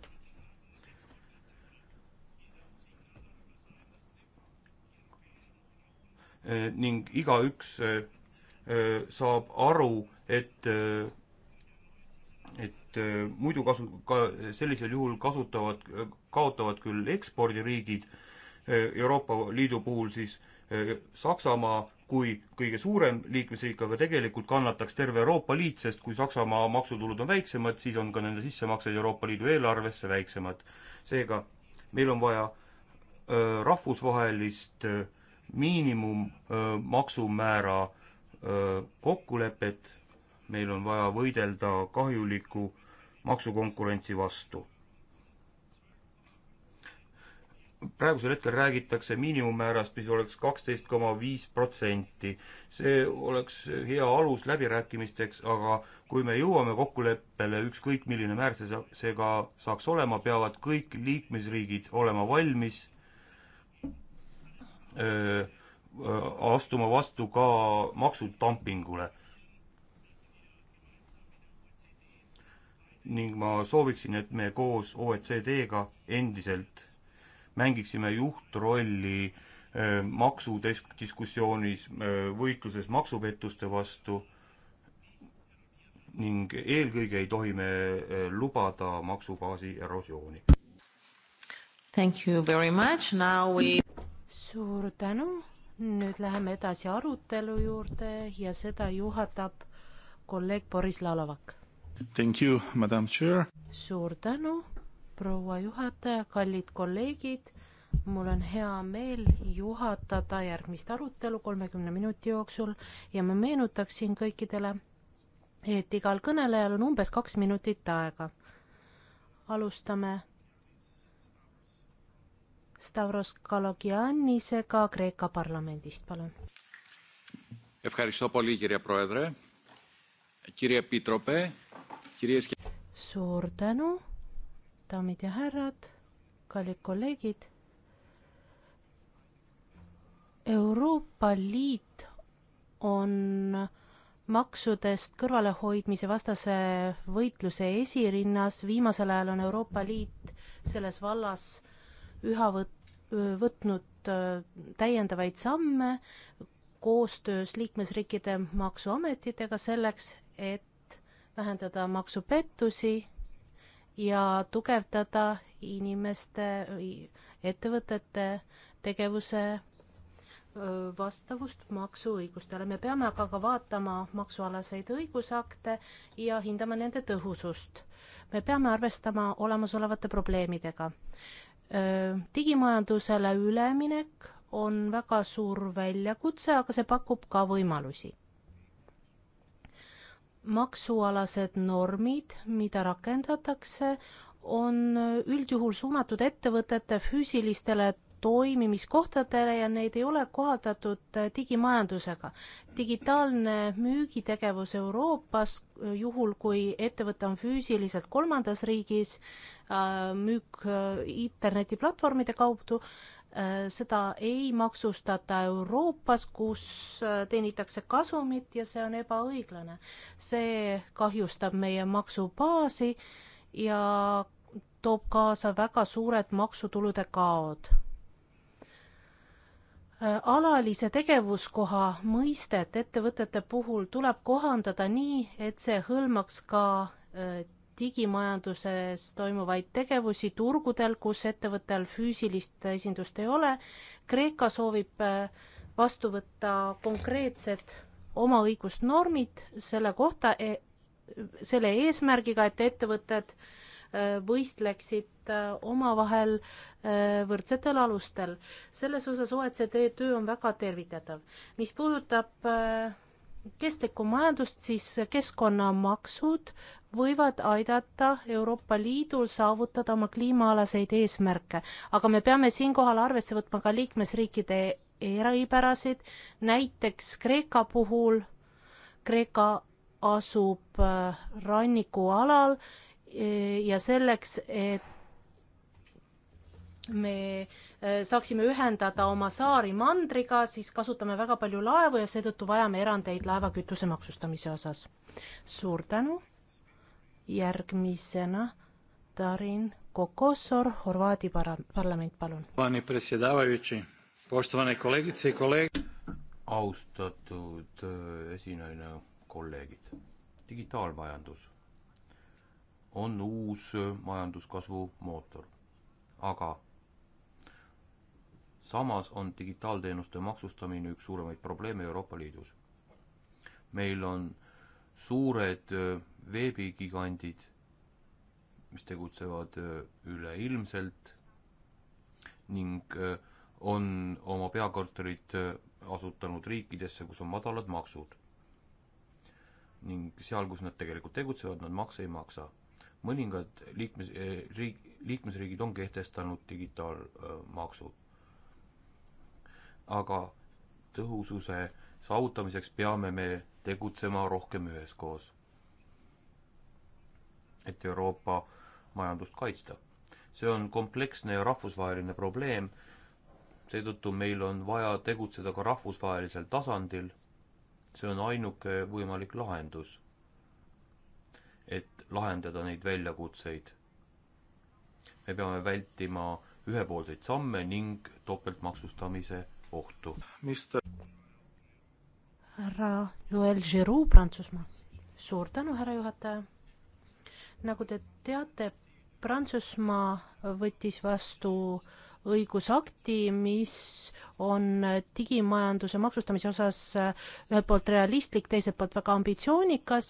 ning igaüks saab aru, et et äh, muidu kasu, ka sellisel juhul kasutavad, kaotavad küll ekspordiriigid, äh, Euroopa Liidu puhul siis äh, Saksamaa kui kõige suurem liikmesriik, aga tegelikult kannataks terve Euroopa Liit, sest kui Saksamaa maksutulud on väiksemad, siis on ka nende sissemaksed Euroopa Liidu eelarvesse väiksemad. seega meil on vaja rahvusvahelist miinimummaksumäära kokkulepet, meil on vaja võidelda kahjuliku maksukonkurentsi vastu. praegusel hetkel räägitakse miinimummäärast, mis oleks kaksteist koma viis protsenti. see oleks hea alus läbirääkimisteks, aga kui me jõuame kokkuleppele, ükskõik milline määr see, see ka saaks olema, peavad kõik liikmesriigid olema valmis öö, astuma vastu ka maksudumpingule ning ma sooviksin, et me koos OECD-ga endiselt mängiksime juhtrolli äh, maksudiskussioonis, äh, võitluses maksupettuste vastu ning eelkõige ei tohi me äh, lubada maksubaasi erosiooni. Thank you very much, now we suur tänu, nüüd läheme edasi arutelu juurde ja seda juhatab kolleeg Boris Lalovak Thank you, madam chair. suur tänu, proua juhataja, kallid kolleegid. mul on hea meel juhatada järgmist arutelu kolmekümne minuti jooksul ja ma meenutaksin kõikidele, et igal kõnelejal on umbes kaks minutit aega. alustame Stavros Kalogiannisega Kreeka parlamendist, palun. Ευχαριστώ πολύ, κύριε Πρόεδρε. Κύριε Επίτροπε, suur tänu, daamid ja härrad, kallid kolleegid. Euroopa Liit on maksudest kõrvalehoidmise vastase võitluse esirinnas, viimasel ajal on Euroopa Liit selles vallas üha võt-, võtnud äh, täiendavaid samme koostöös liikmesriikide maksuametitega selleks, et vähendada maksupettusi ja tugevdada inimeste, ettevõtete tegevuse vastavust maksuõigustele. me peame aga ka vaatama maksualaseid õigusakte ja hindama nende tõhusust. me peame arvestama olemasolevate probleemidega. digimajandusele üleminek on väga suur väljakutse, aga see pakub ka võimalusi maksualased normid, mida rakendatakse, on üldjuhul suunatud ettevõtete füüsilistele toimimiskohtadele ja neid ei ole kohaldatud digimajandusega. digitaalne müügitegevus Euroopas, juhul kui ettevõte on füüsiliselt kolmandas riigis, äh, müük äh, internetiplatvormide kaudu, Äh, seda ei maksustata Euroopas, kus äh, teenitakse kasumit ja see on ebaõiglane. see kahjustab meie maksubaasi ja toob kaasa väga suured maksutulude kaod. Äh, alalise tegevuskoha mõistet ettevõtete puhul tuleb kohandada nii, et see hõlmaks ka digimajanduses toimuvaid tegevusi turgudel, kus ettevõttel füüsilist esindust ei ole. Kreeka soovib äh, vastu võtta konkreetsed oma õigusnormid selle kohta, e-, selle eesmärgiga, et ettevõtted äh, võistleksid äh, omavahel võrdsetel alustel. selles osas OECD töö on väga tervitatav. mis puudutab kestlikku majandust, siis keskkonnamaksud võivad aidata Euroopa Liidul saavutada oma kliimaalaseid eesmärke, aga me peame siinkohal arvesse võtma ka liikmesriikide eripärasid, näiteks Kreeka puhul, Kreeka asub äh, rannikualal äh, ja selleks, et me äh, saaksime ühendada oma saari mandriga, siis kasutame väga palju laevu ja seetõttu vajame erandeid laevakütuse maksustamise osas. suur tänu järgmisena Darin Kokosor, Horvaadi para-, parlament, palun. austatud äh, esinaine, kolleegid, digitaalmajandus on uus äh, majanduskasvu mootor, aga samas on digitaalteenuste maksustamine üks suuremaid probleeme Euroopa Liidus. meil on suured äh, veebigigandid, mis tegutsevad äh, üleilmselt ning äh, on oma peakorterid äh, asutanud riikidesse, kus on madalad maksud. ning seal, kus nad tegelikult tegutsevad, nad makse ei maksa. mõningad liikmes, riik, liikmesriigid on kehtestanud digitaalmaksu. aga tõhususe saavutamiseks peame me tegutsema rohkem üheskoos et Euroopa majandust kaitsta. see on kompleksne ja rahvusvaheline probleem, seetõttu meil on vaja tegutseda ka rahvusvahelisel tasandil, see on ainuke võimalik lahendus, et lahendada neid väljakutseid. me peame vältima ühepoolseid samme ning topeltmaksustamise ohtu. Mister härra Joel Giroux Prantsusmaa. suur tänu, härra juhataja nagu te teate, Prantsusmaa võttis vastu äh, õigusakti, mis on digimajanduse maksustamise osas eh, ühelt poolt realistlik, teiselt poolt väga ambitsioonikas.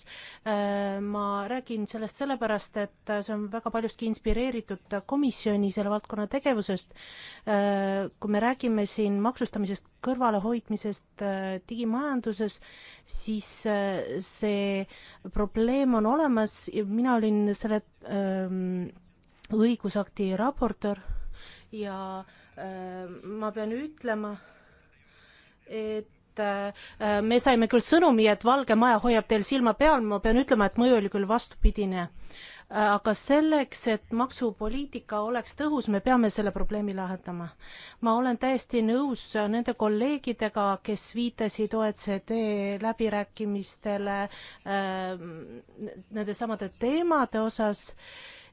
Eh, ma räägin sellest sellepärast, et see on väga paljustki inspireeritud komisjoni selle valdkonna tegevusest. Eh, kui me räägime siin maksustamisest kõrvalehoidmisest digimajanduses, siis see probleem on olemas ja mina olin selle ehm, õigusakti raportöör ja äh, ma pean ütlema, et äh, me saime küll sõnumi, et Valge Maja hoiab teil silma peal, ma pean ütlema, et mõju oli küll vastupidine. Äh, aga selleks, et maksupoliitika oleks tõhus, me peame selle probleemi lahendama. ma olen täiesti nõus nende kolleegidega, kes viitasid OECD läbirääkimistele äh, nende samade teemade osas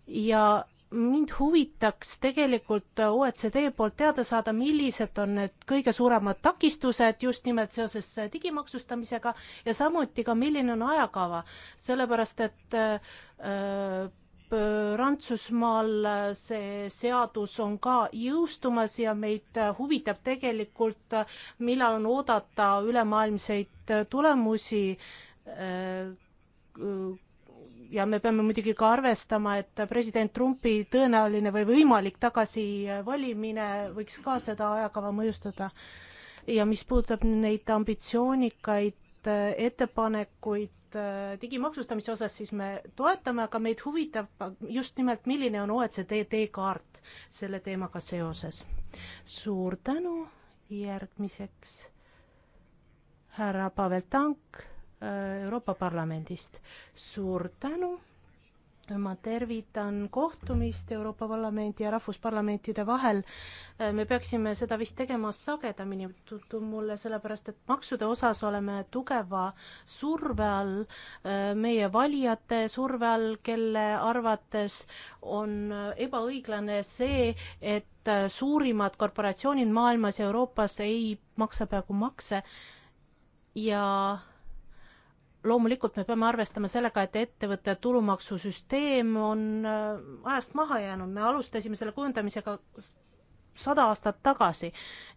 ja mind huvitaks tegelikult OECD poolt teada saada, millised on need kõige suuremad takistused just nimelt seoses digimaksustamisega ja samuti ka, milline on ajakava, sellepärast et äh, äh Prantsusmaal see seadus on ka jõustumas ja meid huvitab tegelikult, millal on oodata ülemaailmseid tulemusi äh, ja me peame muidugi ka arvestama, et president Trumpi tõenäoline või võimalik tagasivalimine võiks ka seda ajakava mõjutada. ja mis puudutab neid ambitsioonikaid äh, ettepanekuid, äh, digimaksustamise osas, siis me toetame, aga meid huvitab just nimelt, milline on OECD teekaart selle teemaga seoses. suur tänu, järgmiseks härra Pavel Tank Äh, Euroopa Parlamendist. suur tänu, ma tervitan kohtumist Euroopa Parlamendi ja Rahvusparlamentide vahel. Äh, me peaksime seda vist tegema sagedamini, tundub mulle, sellepärast et maksude osas oleme tugeva surve all, äh, meie valijate surve all, kelle arvates on ebaõiglane see, et suurimad korporatsioonid maailmas ja Euroopas ei maksa peaaegu makse ja loomulikult me peame arvestama sellega, et ettevõtte tulumaksusüsteem on äh, ajast maha jäänud, me alustasime selle kujundamisega sada aastat tagasi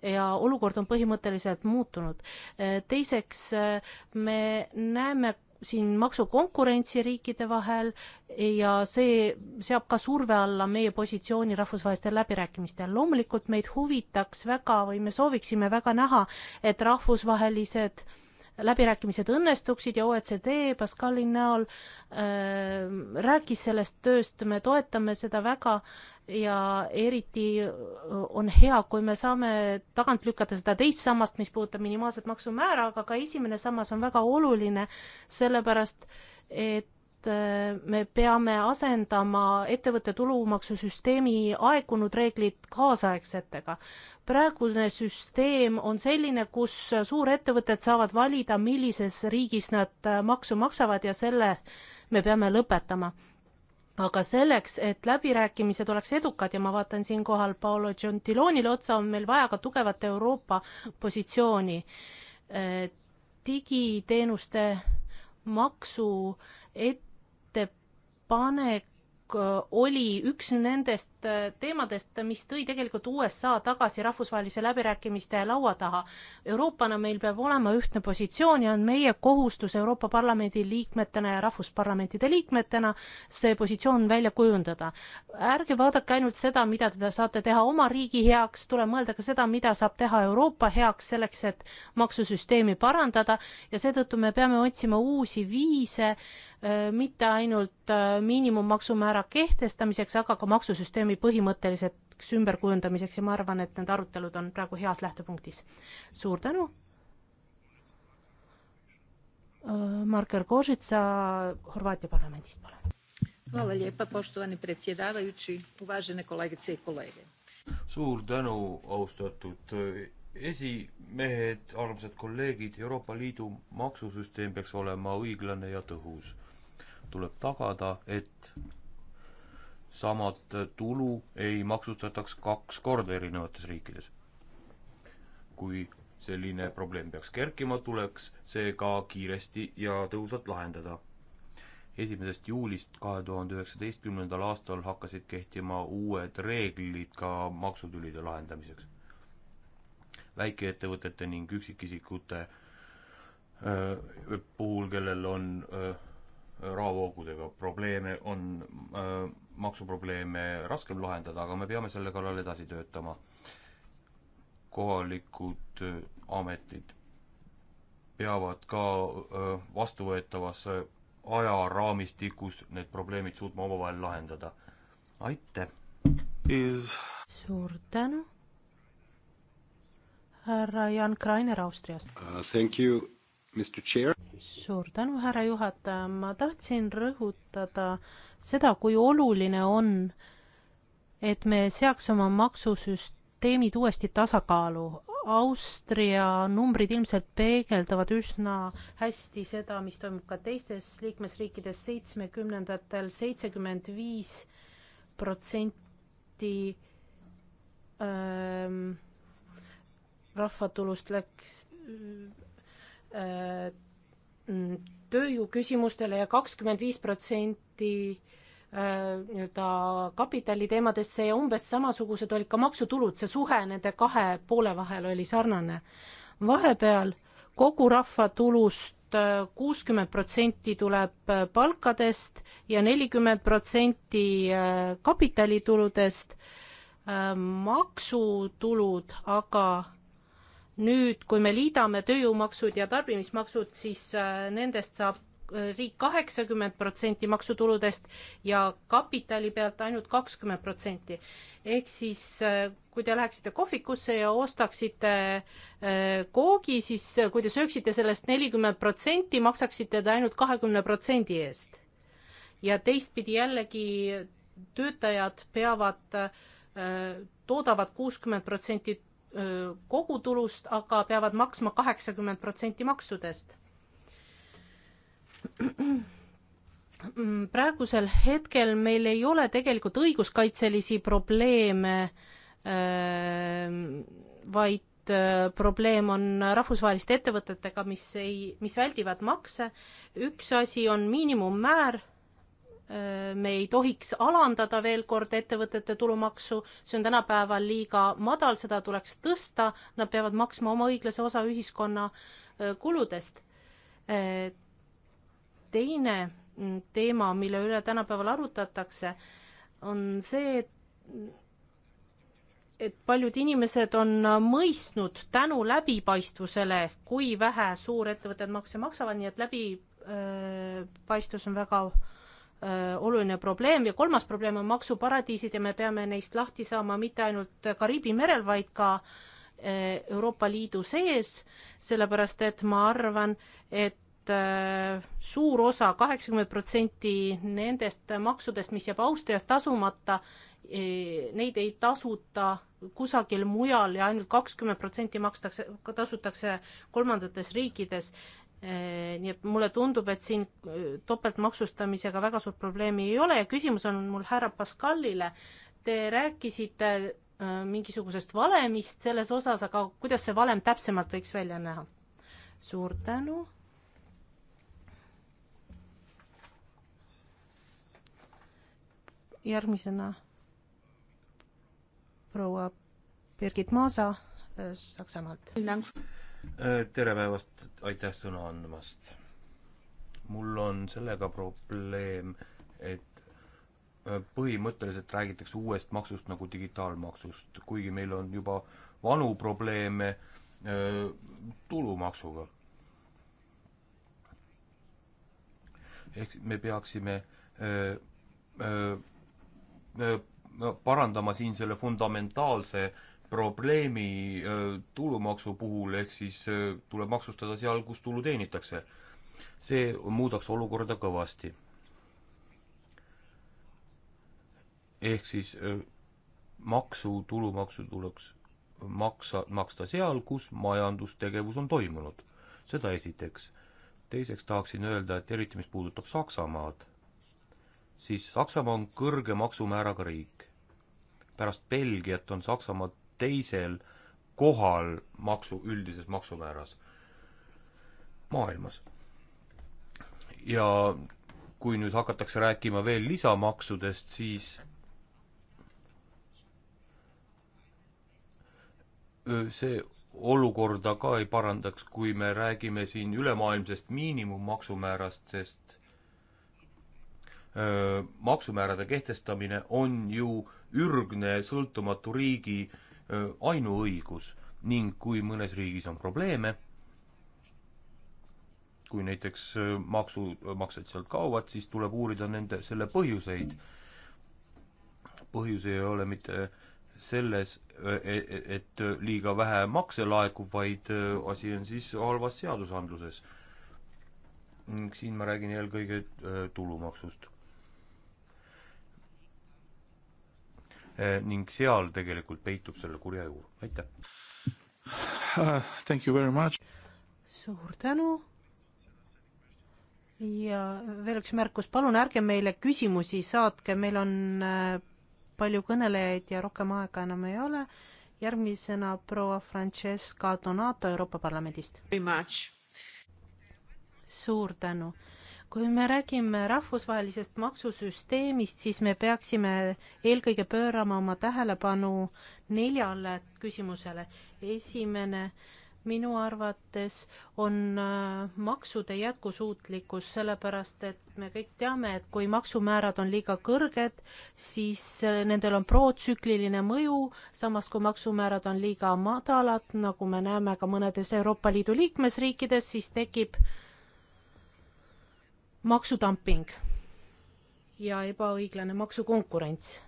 ja olukord on põhimõtteliselt muutunud. Äh, teiseks, äh, me näeme siin maksukonkurentsi riikide vahel ja see seab ka surve alla meie positsiooni rahvusvahelistel läbirääkimistel. loomulikult meid huvitaks väga või me sooviksime väga näha, et rahvusvahelised äh, läbirääkimised õnnestuksid ja OECD Pascali näol äh, rääkis sellest tööst, me toetame seda väga ja eriti on hea, kui me saame tagant lükata seda teist sammast, mis puudutab minimaalset maksumäära, aga ka esimene sammas on väga oluline, sellepärast et äh, me peame asendama ettevõtte tulumaksusüsteemi aegunud reeglid kaasaegsetega praegune süsteem on selline, kus suurettevõtted saavad valida, millises riigis nad äh, maksu maksavad ja selle me peame lõpetama. aga selleks, et läbirääkimised oleks edukad ja ma vaatan siinkohal Paolo Gentilonile otsa, on meil vaja ka tugevat Euroopa positsiooni. Äh, digiteenuste maksu ettepanek oli üks nendest äh, teemadest, mis tõi tegelikult USA tagasi rahvusvahelise läbirääkimiste laua taha. Euroopana meil peab olema ühtne positsioon ja on meie kohustus Euroopa Parlamendi liikmetena ja rahvusparlamentide liikmetena see positsioon välja kujundada. ärge vaadake ainult seda, mida te saate teha oma riigi heaks, tuleb mõelda ka seda, mida saab teha Euroopa heaks selleks, et maksusüsteemi parandada ja seetõttu me peame otsima uusi viise, Äh, mitte ainult äh, miinimummaksumäära kehtestamiseks, aga ka maksusüsteemi põhimõtteliseks ümberkujundamiseks ja ma arvan, et need arutelud on praegu heas lähtepunktis. suur tänu! Äh, Marker Kožica Horvaatia parlamendist, palun. Hvala lijepa, poštovani predsjedavajući, uvažene kolegice i kolege. suur tänu, austatud esimehed, armsad kolleegid, Euroopa Liidu maksusüsteem peaks olema õiglane ja tõhus tuleb tagada, et samat tulu ei maksustataks kaks korda erinevates riikides. kui selline probleem peaks kerkima, tuleks see ka kiiresti ja tõhusalt lahendada. esimesest juulist kahe tuhande üheksateistkümnendal aastal hakkasid kehtima uued reeglid ka maksutülide lahendamiseks. väikeettevõtete ning üksikisikute öö, puhul, kellel on öö, rahavoogudega probleeme, on äh, maksuprobleeme raskem lahendada, aga me peame selle kallal edasi töötama. kohalikud äh, ametid peavad ka äh, vastuvõetavas äh, ajaraamistikus need probleemid suutma omavahel lahendada. aitäh Is...! suur tänu! härra Jan Krainer Austriast uh,. Thank you suur tänu, härra juhataja, ma tahtsin rõhutada seda, kui oluline on, et me seaks oma maksusüsteemid uuesti tasakaalu. Austria numbrid ilmselt peegeldavad üsna hästi seda, mis toimub ka teistes liikmesriikides, seitsmekümnendatel seitsekümmend viis protsenti ähm, rahvatulust läks Äh, tööjõuküsimustele ja kakskümmend viis protsenti äh, nii-öelda kapitaliteemadesse ja umbes samasugused olid ka maksutulud, see suhe nende kahe poole vahel oli sarnane. vahepeal kogu rahvatulust äh, kuuskümmend protsenti tuleb palkadest ja nelikümmend protsenti kapitalituludest, maksutulud aga nüüd, kui me liidame tööjõumaksud ja tarbimismaksud, siis äh, nendest saab äh, riik kaheksakümmend protsenti maksutuludest ja kapitali pealt ainult kakskümmend protsenti. ehk siis äh, kui te läheksite kohvikusse ja ostaksite koogi, siis kui te sööksite sellest nelikümmend protsenti, maksaksite te ainult kahekümne protsendi eest. ja teistpidi jällegi töötajad peavad, toodavad kuuskümmend protsenti kogutulust, aga peavad maksma kaheksakümmend protsenti maksudest. praegusel hetkel meil ei ole tegelikult õiguskaitselisi probleeme, vaid probleem on rahvusvaheliste ettevõtetega, mis ei, mis väldivad makse. üks asi on miinimummäär me ei tohiks alandada veel kord ettevõtete tulumaksu, see on tänapäeval liiga madal, seda tuleks tõsta, nad peavad maksma oma õiglase osa ühiskonna äh, kuludest. Äh, teine mm, teema, mille üle tänapäeval arutatakse, on see, et et paljud inimesed on mõistnud tänu läbipaistvusele, kui vähe suurettevõtted makse maksavad, nii et läbipaistvus äh, on väga äh, Äh, oluline probleem ja kolmas probleem on maksuparadiisid ja me peame neist lahti saama mitte ainult Kariibi merel, vaid ka äh, Euroopa Liidu sees, sellepärast et ma arvan, et äh, suur osa, kaheksakümmend protsenti nendest maksudest, mis jääb Austrias tasumata, neid ei tasuta kusagil mujal ja ainult kakskümmend protsenti makstakse, tasutakse kolmandates riikides. Äh, nii et mulle tundub, et siin äh, topeltmaksustamisega väga suurt probleemi ei ole ja küsimus on mul härra Pascalile. Te rääkisite äh, mingisugusest valemist selles osas, aga kuidas see valem täpsemalt võiks välja näha? suur tänu. järgmisena proua Birgit Maasa Saksamaalt. Äh, tere päevast, aitäh sõna andmast. mul on sellega probleem, et äh, põhimõtteliselt räägitakse uuest maksust nagu digitaalmaksust, kuigi meil on juba vanu probleeme äh, tulumaksuga. ehk me peaksime öö, öö, parandama siin selle fundamentaalse probleemi äh, tulumaksu puhul, ehk siis äh, tuleb maksustada seal, kus tulu teenitakse. see muudaks olukorda kõvasti. ehk siis äh, maksu, tulumaksu tuleks maksa, maksta seal, kus majandustegevus on toimunud. seda esiteks. teiseks tahaksin öelda, et eriti mis puudutab Saksamaad, siis Saksamaa on kõrge maksumääraga riik. pärast Belgiat on Saksamaa teisel kohal maksu, üldises maksumääras maailmas. ja kui nüüd hakatakse rääkima veel lisamaksudest, siis see olukorda ka ei parandaks, kui me räägime siin ülemaailmsest miinimummaksumäärast, sest öö, maksumäärade kehtestamine on ju ürgne sõltumatu riigi öö, ainuõigus ning kui mõnes riigis on probleeme, kui näiteks maksu, maksed sealt kaovad, siis tuleb uurida nende, selle põhjuseid. põhjus ei ole mitte selles, e, e, et liiga vähe makse laekub, vaid asi on siis halvas seadusandluses. siin ma räägin eelkõige tulumaksust Eh, ning seal tegelikult peitub selle kurja juur, aitäh uh,. Thank you very much. suur tänu. ja veel üks märkus, palun ärge meile küsimusi saatke, meil on eh, palju kõnelejaid ja rohkem aega enam ei ole. järgmisena proua Francesca Donato Euroopa Parlamendist. suur tänu kui me räägime rahvusvahelisest maksusüsteemist, siis me peaksime eelkõige pöörama oma tähelepanu neljale küsimusele. esimene minu arvates on äh, maksude jätkusuutlikkus, sellepärast et me kõik teame, et kui maksumäärad on liiga kõrged, siis äh, nendel on protsükliline mõju, samas kui maksumäärad on liiga madalad, nagu me näeme ka mõnedes Euroopa Liidu liikmesriikides, siis tekib äh, maksudumping ja ebaõiglane maksukonkurents.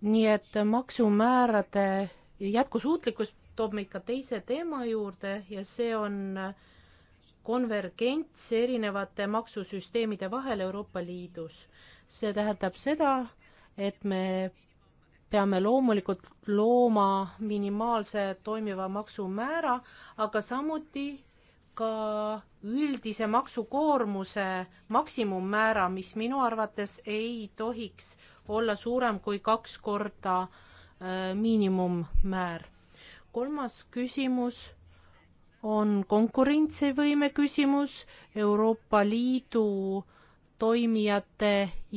nii et maksumäärade jätkusuutlikkus toob meid ka teise teema juurde ja see on konvergents erinevate maksusüsteemide vahel Euroopa Liidus. see tähendab seda, et me peame loomulikult looma minimaalse toimiva maksumäära, aga samuti ka üldise maksukoormuse maksimummäära, mis minu arvates ei tohiks olla suurem kui kaks korda äh, miinimummäär. kolmas küsimus on konkurentsivõime küsimus Euroopa Liidu toimijate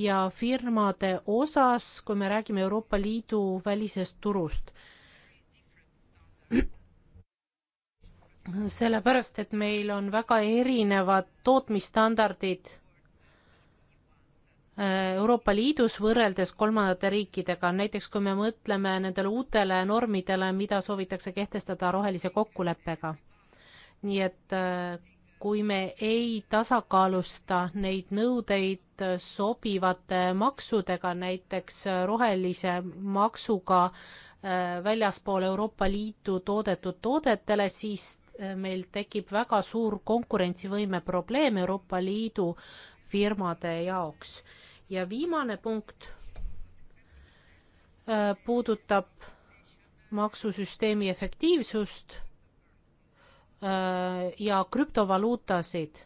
ja firmade osas, kui me räägime Euroopa Liidu välisest turust sellepärast, et meil on väga erinevad tootmisstandardid äh, Euroopa Liidus võrreldes kolmandate riikidega, näiteks kui me mõtleme nendele uutele normidele, mida soovitakse kehtestada rohelise kokkuleppega. nii et äh, kui me ei tasakaalusta neid nõudeid äh, sobivate maksudega, näiteks rohelise maksuga väljaspool Euroopa Liitu toodetud toodetele, siis meil tekib väga suur konkurentsivõime probleem Euroopa Liidu firmade jaoks. ja viimane punkt äh, puudutab maksusüsteemi efektiivsust äh, ja krüptovaluutasid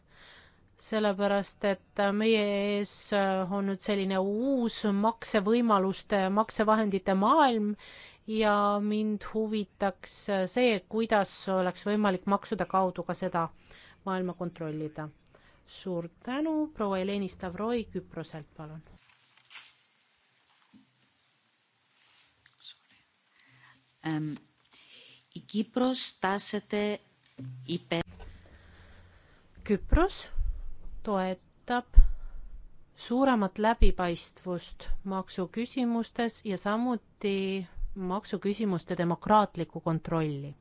sellepärast et meie ees äh, on nüüd selline uus maksevõimaluste, maksevahendite maailm ja mind huvitaks see, kuidas oleks võimalik maksude kaudu ka seda maailma kontrollida. suur tänu, proua Heleni Stavroi Küproselt, palun. Um, η Κύπρος τάσεται υπέρ. Küpros toetab suuremat läbipaistvust maksuküsimustes ja samuti maksuküsimuste demokraatlikku kontrolli.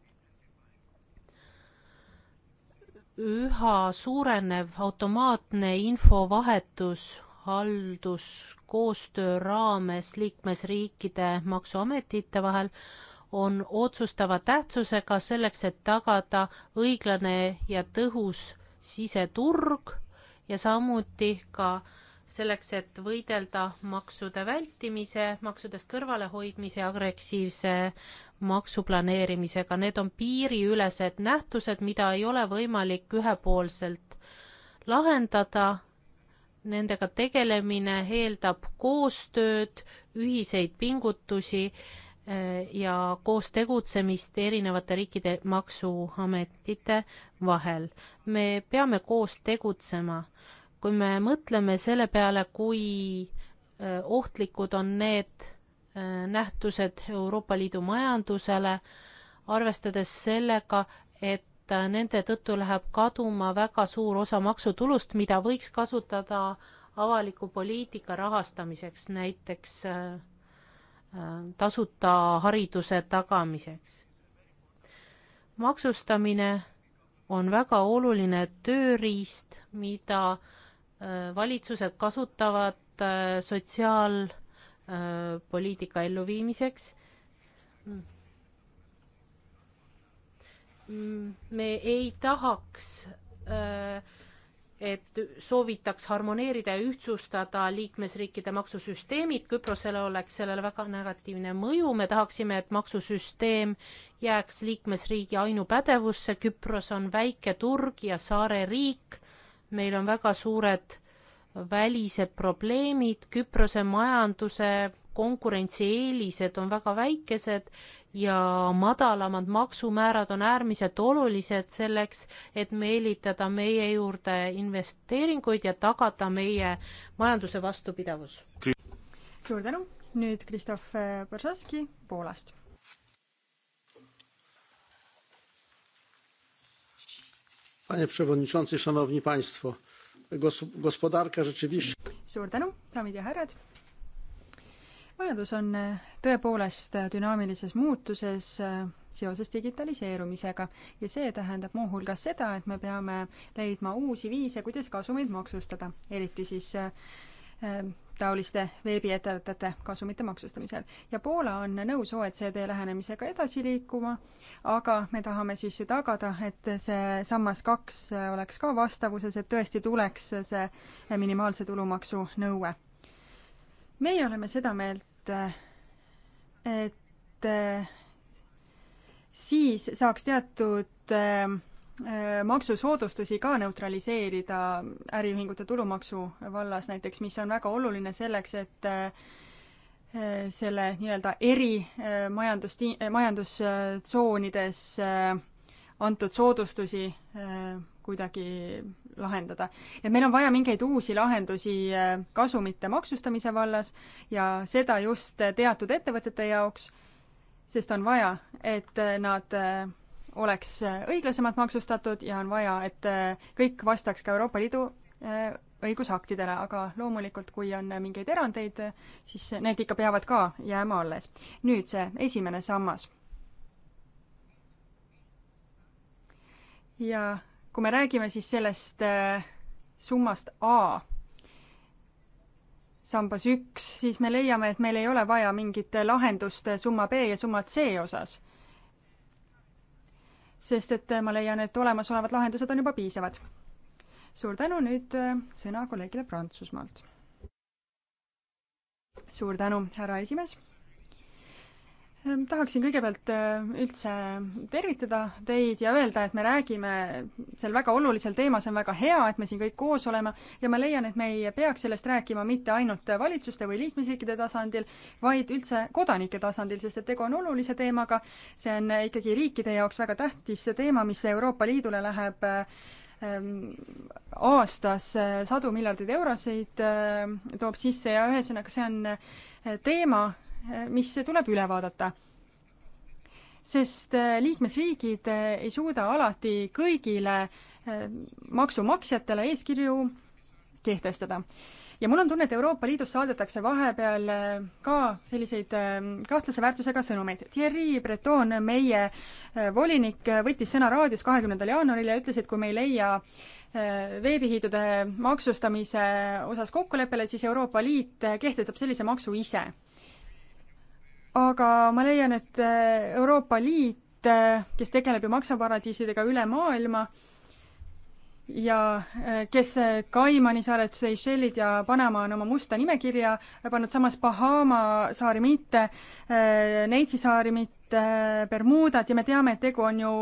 üha suurenev automaatne infovahetus halduskoostöö raames liikmesriikide maksuametite vahel on otsustava tähtsusega selleks, et tagada õiglane ja tõhus siseturg ja samuti ka äh, selleks, et võidelda maksude vältimise, maksudest kõrvalehoidmise ja agressiivse maksuplaneerimisega. Need on piiriülesed nähtused, mida ei ole võimalik ühepoolselt lahendada. Nendega tegelemine eeldab koostööd, ühiseid pingutusi eh, ja koos tegutsemist erinevate riikide maksuametite vahel. me peame koos tegutsema kui me mõtleme selle peale, kui ohtlikud on need nähtused Euroopa Liidu majandusele, arvestades sellega, et nende tõttu läheb kaduma väga suur osa maksutulust, mida võiks kasutada avaliku poliitika rahastamiseks, näiteks tasuta hariduse tagamiseks. maksustamine on väga oluline tööriist, mida äh, valitsused kasutavad äh, sotsiaalpoliitika äh, elluviimiseks. Mm, me ei tahaks, äh, et soovitaks harmoneerida ja ühtsustada liikmesriikide maksusüsteemid, Küprosele oleks sellele väga negatiivne mõju, me tahaksime, et maksusüsteem jääks liikmesriigi ainupädevusse, Küpros on väike turg ja saareriik meil on väga suured välised probleemid, Küprose majanduse konkurentsieelised on väga väikesed ja madalamad maksumäärad on äärmiselt olulised selleks, et meelitada meie juurde investeeringuid ja tagada meie majanduse vastupidavus. suur tänu, nüüd Kristof Boržovski Poolast Panie przewodniczący, szanowni państwo, gospodarka rzeczywiście. suur tänu, daamid ja härrad. majandus on e, tõepoolest e, dünaamilises muutuses e, seoses digitaliseerumisega ja see tähendab muuhulgas seda, et me peame leidma uusi viise, kuidas kasumeid maksustada, eriti siis Ehm, taoliste veebiettevõtete kasumite maksustamisel. ja Poola on nõus OECD lähenemisega edasi liikuma, aga me tahame siis tagada, et see sammas kaks oleks ka vastavuses, et tõesti tuleks see minimaalse tulumaksu nõue. meie oleme seda meelt, et eh, siis saaks teatud eh, maksusoodustusi ka neutraliseerida äriühingute tulumaksu vallas näiteks, mis on väga oluline selleks, et eh, selle nii-öelda eri majandus, eh, majandustsoonides eh, antud soodustusi kuidagi lahendada. et meil on vaja mingeid uusi lahendusi kasumite maksustamise vallas ja seda just teatud ettevõtete jaoks, sest on vaja, et nad oleks õiglasemalt maksustatud ja on vaja, et äh, kõik vastaks ka Euroopa Liidu äh, õigusaktidele, aga loomulikult, kui on mingeid erandeid, siis need ikka peavad ka jääma alles. nüüd see esimene sammas. ja kui me räägime siis sellest äh, summast A sambas üks, siis me leiame, et meil ei ole vaja mingit lahendust summa B ja summa C osas sest et ma leian, et olemasolevad lahendused on juba piisavad. suur tänu, nüüd äh, sõna kolleegile Prantsusmaalt. suur tänu, härra esimees Ehm, tahaksin kõigepealt ehm, üldse tervitada teid ja öelda, et me räägime sel väga olulisel teemal, see on väga hea, et me siin kõik koos oleme ja ma leian, et me ei peaks sellest rääkima mitte ainult valitsuste või liikmesriikide tasandil, vaid üldse kodanike tasandil, sest et tegu on olulise teemaga, see on ikkagi riikide jaoks väga tähtis teema, mis Euroopa Liidule läheb ehm, aastas eh, sadu miljardeid eurosid toob sisse ja ühesõnaga, see on eh, teema, Eh, mis tuleb üle vaadata. sest eh, liikmesriigid eh, ei suuda alati kõigile maksumaksjatele eeskirju kehtestada. ja mul on tunne, et Euroopa Liidus saadetakse vahepeal ka selliseid kahtlase väärtusega sõnumeid. Thierry Breton, meie volinik, võttis sõna raadios kahekümnendal jaanuaril ja ütles, et kui me ei leia veebihiidude maksustamise osas kokkuleppele, siis Euroopa Liit kehtestab sellise maksu ise aga ma leian, et äh, Euroopa Liit, äh, kes tegeleb ju maksaparadiisidega üle maailma ja äh, kes Kaimani saared, Seychellid ja Panama on oma musta nimekirja pannud, samas Bahama saari mitte, Neitsi saari mitte, Bermudat ja me teame, et tegu on ju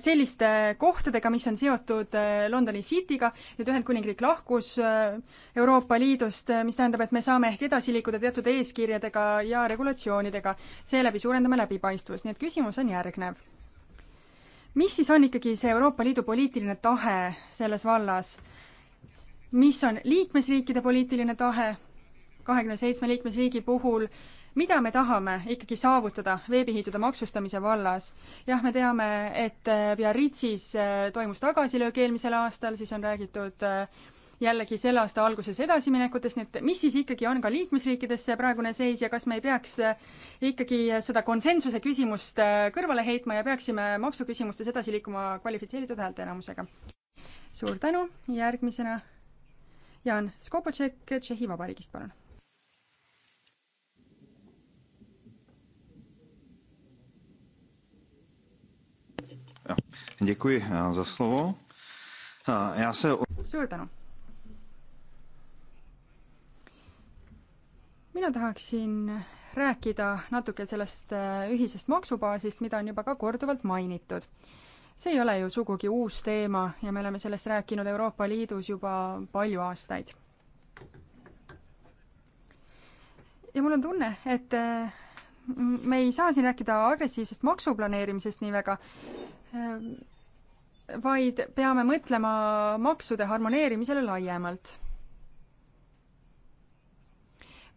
selliste kohtadega, mis on seotud äh, Londoni City'ga, et Ühendkuningriik lahkus äh, Euroopa Liidust, äh, mis tähendab, et me saame ehk edasi liikuda teatud eeskirjadega ja regulatsioonidega. seeläbi suurendame läbipaistvust, nii et küsimus on järgnev. mis siis on ikkagi see Euroopa Liidu poliitiline tahe selles vallas? mis on liikmesriikide poliitiline tahe kahekümne seitsme liikmesriigi puhul äh, mida me tahame ikkagi saavutada veebihiidude maksustamise vallas? jah, me teame, et äh, Biarritzis äh, toimus tagasilöök eelmisel aastal, siis on räägitud äh, jällegi selle aasta alguses edasiminekutest, nii et mis siis ikkagi on ka liikmesriikides see praegune seis ja kas me ei peaks ikkagi seda konsensuse küsimust kõrvale heitma ja peaksime maksuküsimustes edasi liikuma kvalifitseeritud häälteenamusega? suur tänu, järgmisena Jaan Skopotšek Tšehhi Vabariigist, palun Děkuji eh, za slovo. Eh, já se... suur tänu. mina tahaksin rääkida natuke sellest eh, ühisest maksubaasist, mida on juba ka korduvalt mainitud. see ei ole ju sugugi uus teema ja me oleme sellest rääkinud Euroopa Liidus juba palju aastaid. ja mul on tunne, et me ei saa siin rääkida agressiivsest maksuplaneerimisest nii väga, Ehm, vaid peame mõtlema maksude harmoneerimisele laiemalt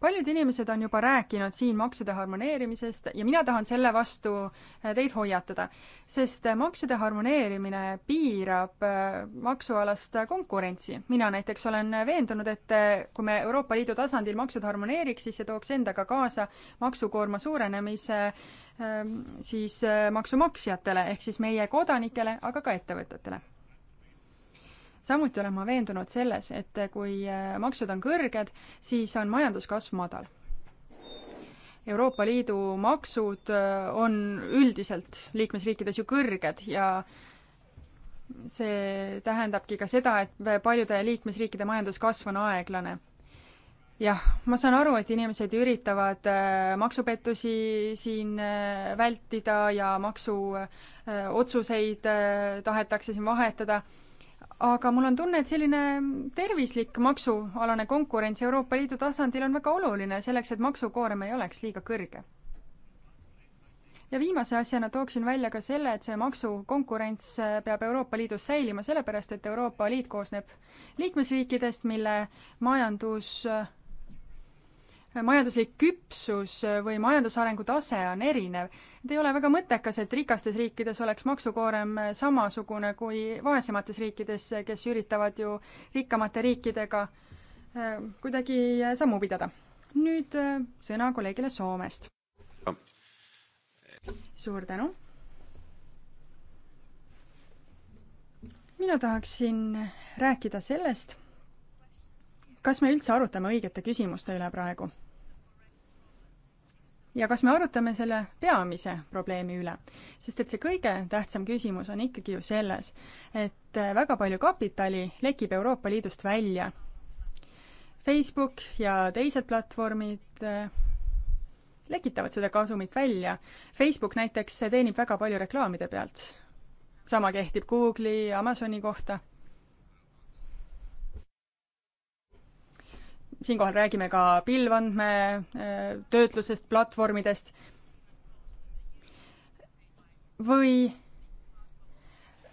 paljud inimesed on juba rääkinud siin maksude harmoneerimisest ja mina tahan selle vastu eh, teid hoiatada, sest eh, maksude harmoneerimine piirab eh, maksualast konkurentsi. mina näiteks olen veendunud, et kui me Euroopa Liidu tasandil maksud harmoneeriks, siis see tooks endaga kaasa maksukoorma suurenemise siis maksumaksjatele ehk siis meie kodanikele, aga ka ettevõtetele samuti olen ma veendunud selles, et kui äh, maksud on kõrged, siis on majanduskasv madal. Euroopa Liidu maksud äh, on üldiselt liikmesriikides ju kõrged ja see tähendabki ka seda, et paljude liikmesriikide majanduskasv on aeglane. jah, ma saan aru, et inimesed üritavad äh, maksupettusi siin vältida ja maksuotsuseid tahetakse siin vahetada aga mul on tunne, et selline tervislik maksualane konkurents Euroopa Liidu tasandil on väga oluline selleks, et maksukoorem ei oleks liiga kõrge. ja viimase asjana tooksin välja ka selle, et see maksukonkurents peab Euroopa Liidus säilima, sellepärast et Euroopa Liit koosneb liikmesriikidest, mille majandus äh, majanduslik küpsus või majandusarengu tase on erinev. et ei ole väga mõttekas, et rikastes riikides oleks maksukoorem samasugune kui vaesemates riikides, kes üritavad ju rikkamate riikidega äh, kuidagi sammu pidada. nüüd äh, sõna kolleegile Soomest. suur tänu. mina tahaksin rääkida sellest, kas me üldse arutame õigete küsimuste üle praegu ja kas me arutame selle peamise probleemi üle? sest et see kõige tähtsam küsimus on ikkagi ju selles, et väga palju kapitali lekib Euroopa Liidust välja. Facebook ja teised platvormid äh, lekitavad seda kasumit välja. Facebook näiteks teenib väga palju reklaamide pealt. sama kehtib Google'i ja Amazoni kohta. siinkohal räägime ka pilvandmetöötlusest, äh, platvormidest või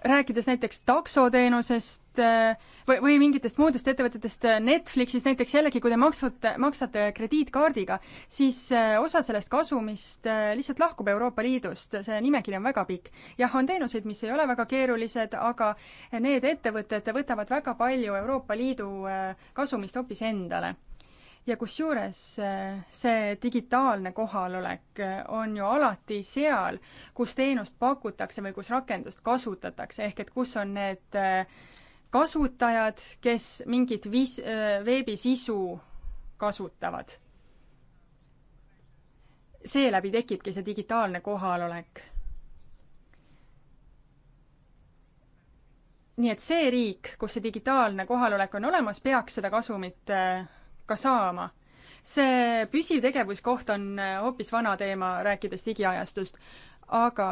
rääkides näiteks taksoteenusest äh, või, või mingitest muudest ettevõtetest, äh, Netflixis näiteks jällegi, kui te maksute, maksate krediitkaardiga, siis äh, osa sellest kasumist lihtsalt lahkub Euroopa Liidust, see nimekiri on väga pikk. jah, on teenuseid, mis ei ole väga keerulised, aga need ettevõtted võtavad väga palju Euroopa Liidu kasumist hoopis endale ja kusjuures äh, see digitaalne kohalolek äh, on ju alati seal, kus teenust pakutakse või kus rakendust kasutatakse, ehk et kus on need äh, kasutajad, kes mingit vis-, veebisisu kasutavad. seeläbi tekibki see digitaalne kohalolek. nii et see riik, kus see digitaalne kohalolek on olemas, peaks seda kasumit ka saama. see püsiv tegevuskoht on äh, hoopis vana teema, rääkides digiajastust, aga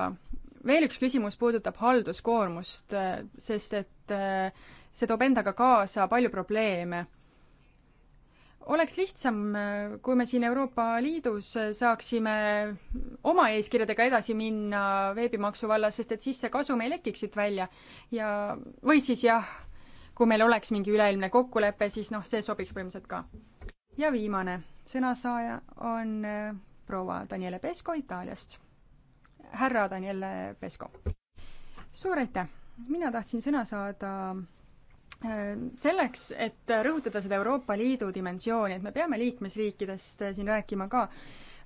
veel üks küsimus puudutab halduskoormust, äh, sest et äh, see toob endaga kaasa palju probleeme. oleks lihtsam, kui me siin Euroopa Liidus saaksime oma eeskirjadega edasi minna veebimaksu vallas, sest et siis see kasum ei lekiks siit välja ja, või siis jah, kui meil oleks mingi üleilmne kokkulepe, siis noh, see sobiks põhimõtteliselt ka. ja viimane sõnasaaja on äh, proua Daniele Pesco Itaaliast. härra Daniele Pesco. suur aitäh, mina tahtsin sõna saada äh, selleks, et rõhutada seda Euroopa Liidu dimensiooni, et me peame liikmesriikidest äh, siin rääkima ka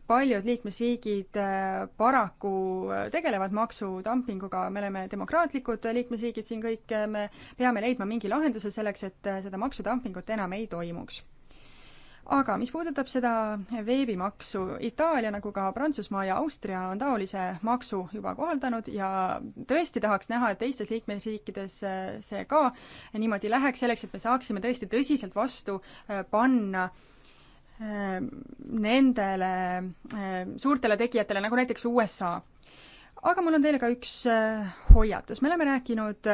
paljud liikmesriigid äh, paraku äh, tegelevad maksudumpinguga, me oleme demokraatlikud liikmesriigid siin kõik, äh, me peame leidma mingi lahenduse selleks, et seda maksudumpingut enam ei toimuks. aga mis puudutab seda veebimaksu, Itaalia nagu ka Prantsusmaa ja Austria on taolise maksu juba kohaldanud ja tõesti tahaks näha, et teistes liikmesriikides see ka niimoodi läheks, selleks et me saaksime tõesti tõsiselt vastu panna äh, Äh, nendele äh, suurtele tegijatele, nagu näiteks USA. aga mul on teile ka üks äh, hoiatus, me oleme rääkinud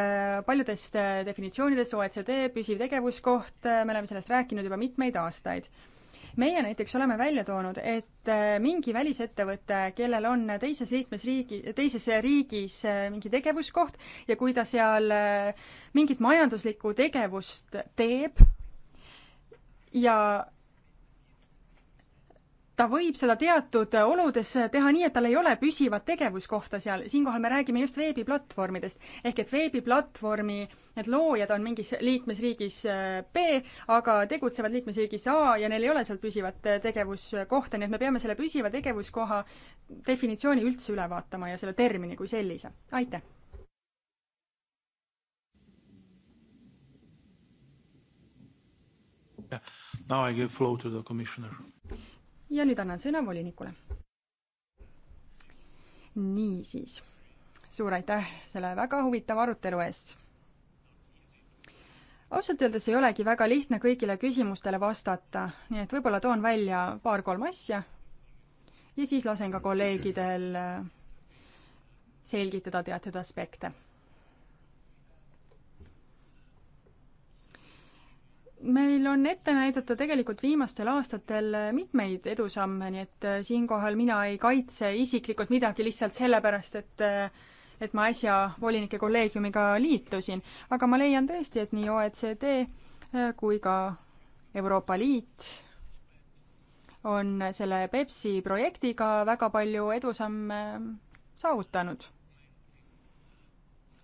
paljudest definitsioonidest, OECD püsiv tegevuskoht, me oleme sellest rääkinud juba mitmeid aastaid meie näiteks oleme välja toonud, et mingi välisettevõte, kellel on teises liikmesriigi, teises riigis mingi tegevuskoht ja kui ta seal mingit majanduslikku tegevust teeb ja ta võib seda teatud oludes teha nii, et tal ei ole püsivat tegevuskohta seal, siinkohal me räägime just veebiplatvormidest. ehk et veebiplatvormi need loojad on mingis liikmesriigis äh, B, aga tegutsevad liikmesriigis A ja neil ei ole seal püsivat äh, tegevuskohta, nii et me peame selle püsiva tegevuskoha definitsiooni üldse üle vaatama ja selle termini kui sellise. aitäh! Now I give flow to the commissioner ja nüüd annan sõna volinikule. niisiis, suur aitäh selle väga huvitava arutelu eest ausalt öeldes ei olegi väga lihtne kõigile küsimustele vastata, nii et võib-olla toon välja paar-kolm asja ja siis lasen ka kolleegidel äh, selgitada teatud aspekte. meil on ette näidata tegelikult viimastel aastatel mitmeid edusamme, nii et äh, siinkohal mina ei kaitse isiklikult midagi lihtsalt sellepärast, et äh, et ma äsja volinike kolleegiumiga liitusin, aga ma leian tõesti, et nii OECD äh, kui ka Euroopa Liit on selle Pepsi projektiga väga palju edusamme saavutanud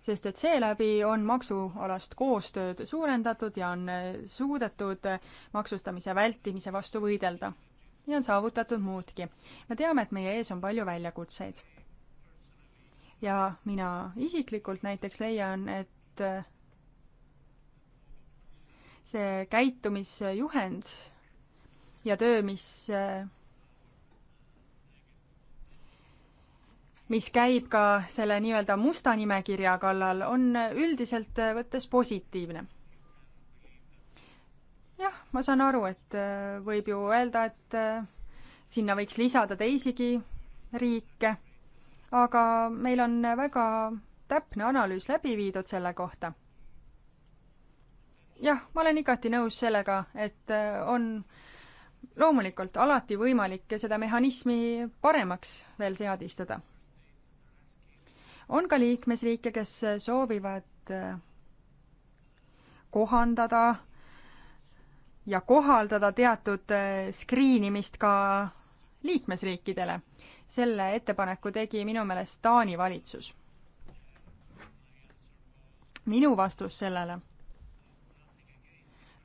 sest et seeläbi on maksualast koostööd suurendatud ja on äh, suudetud äh, maksustamise vältimise vastu võidelda. ja on saavutatud muudki. me teame, et meie ees on palju väljakutseid. ja mina isiklikult näiteks leian, et äh, see käitumisjuhend ja töö, mis mis käib ka selle nii-öelda musta nimekirja kallal, on üldiselt äh, võttes positiivne. jah, ma saan aru, et äh, võib ju öelda, et äh, sinna võiks lisada teisigi riike, aga meil on väga täpne analüüs läbi viidud selle kohta. jah, ma olen igati nõus sellega, et on loomulikult alati võimalik seda mehhanismi paremaks veel seadistada on ka liikmesriike, kes äh, soovivad äh, kohandada ja kohaldada teatud äh, skriinimist ka liikmesriikidele. selle ettepaneku tegi minu meelest Taani valitsus. minu vastus sellele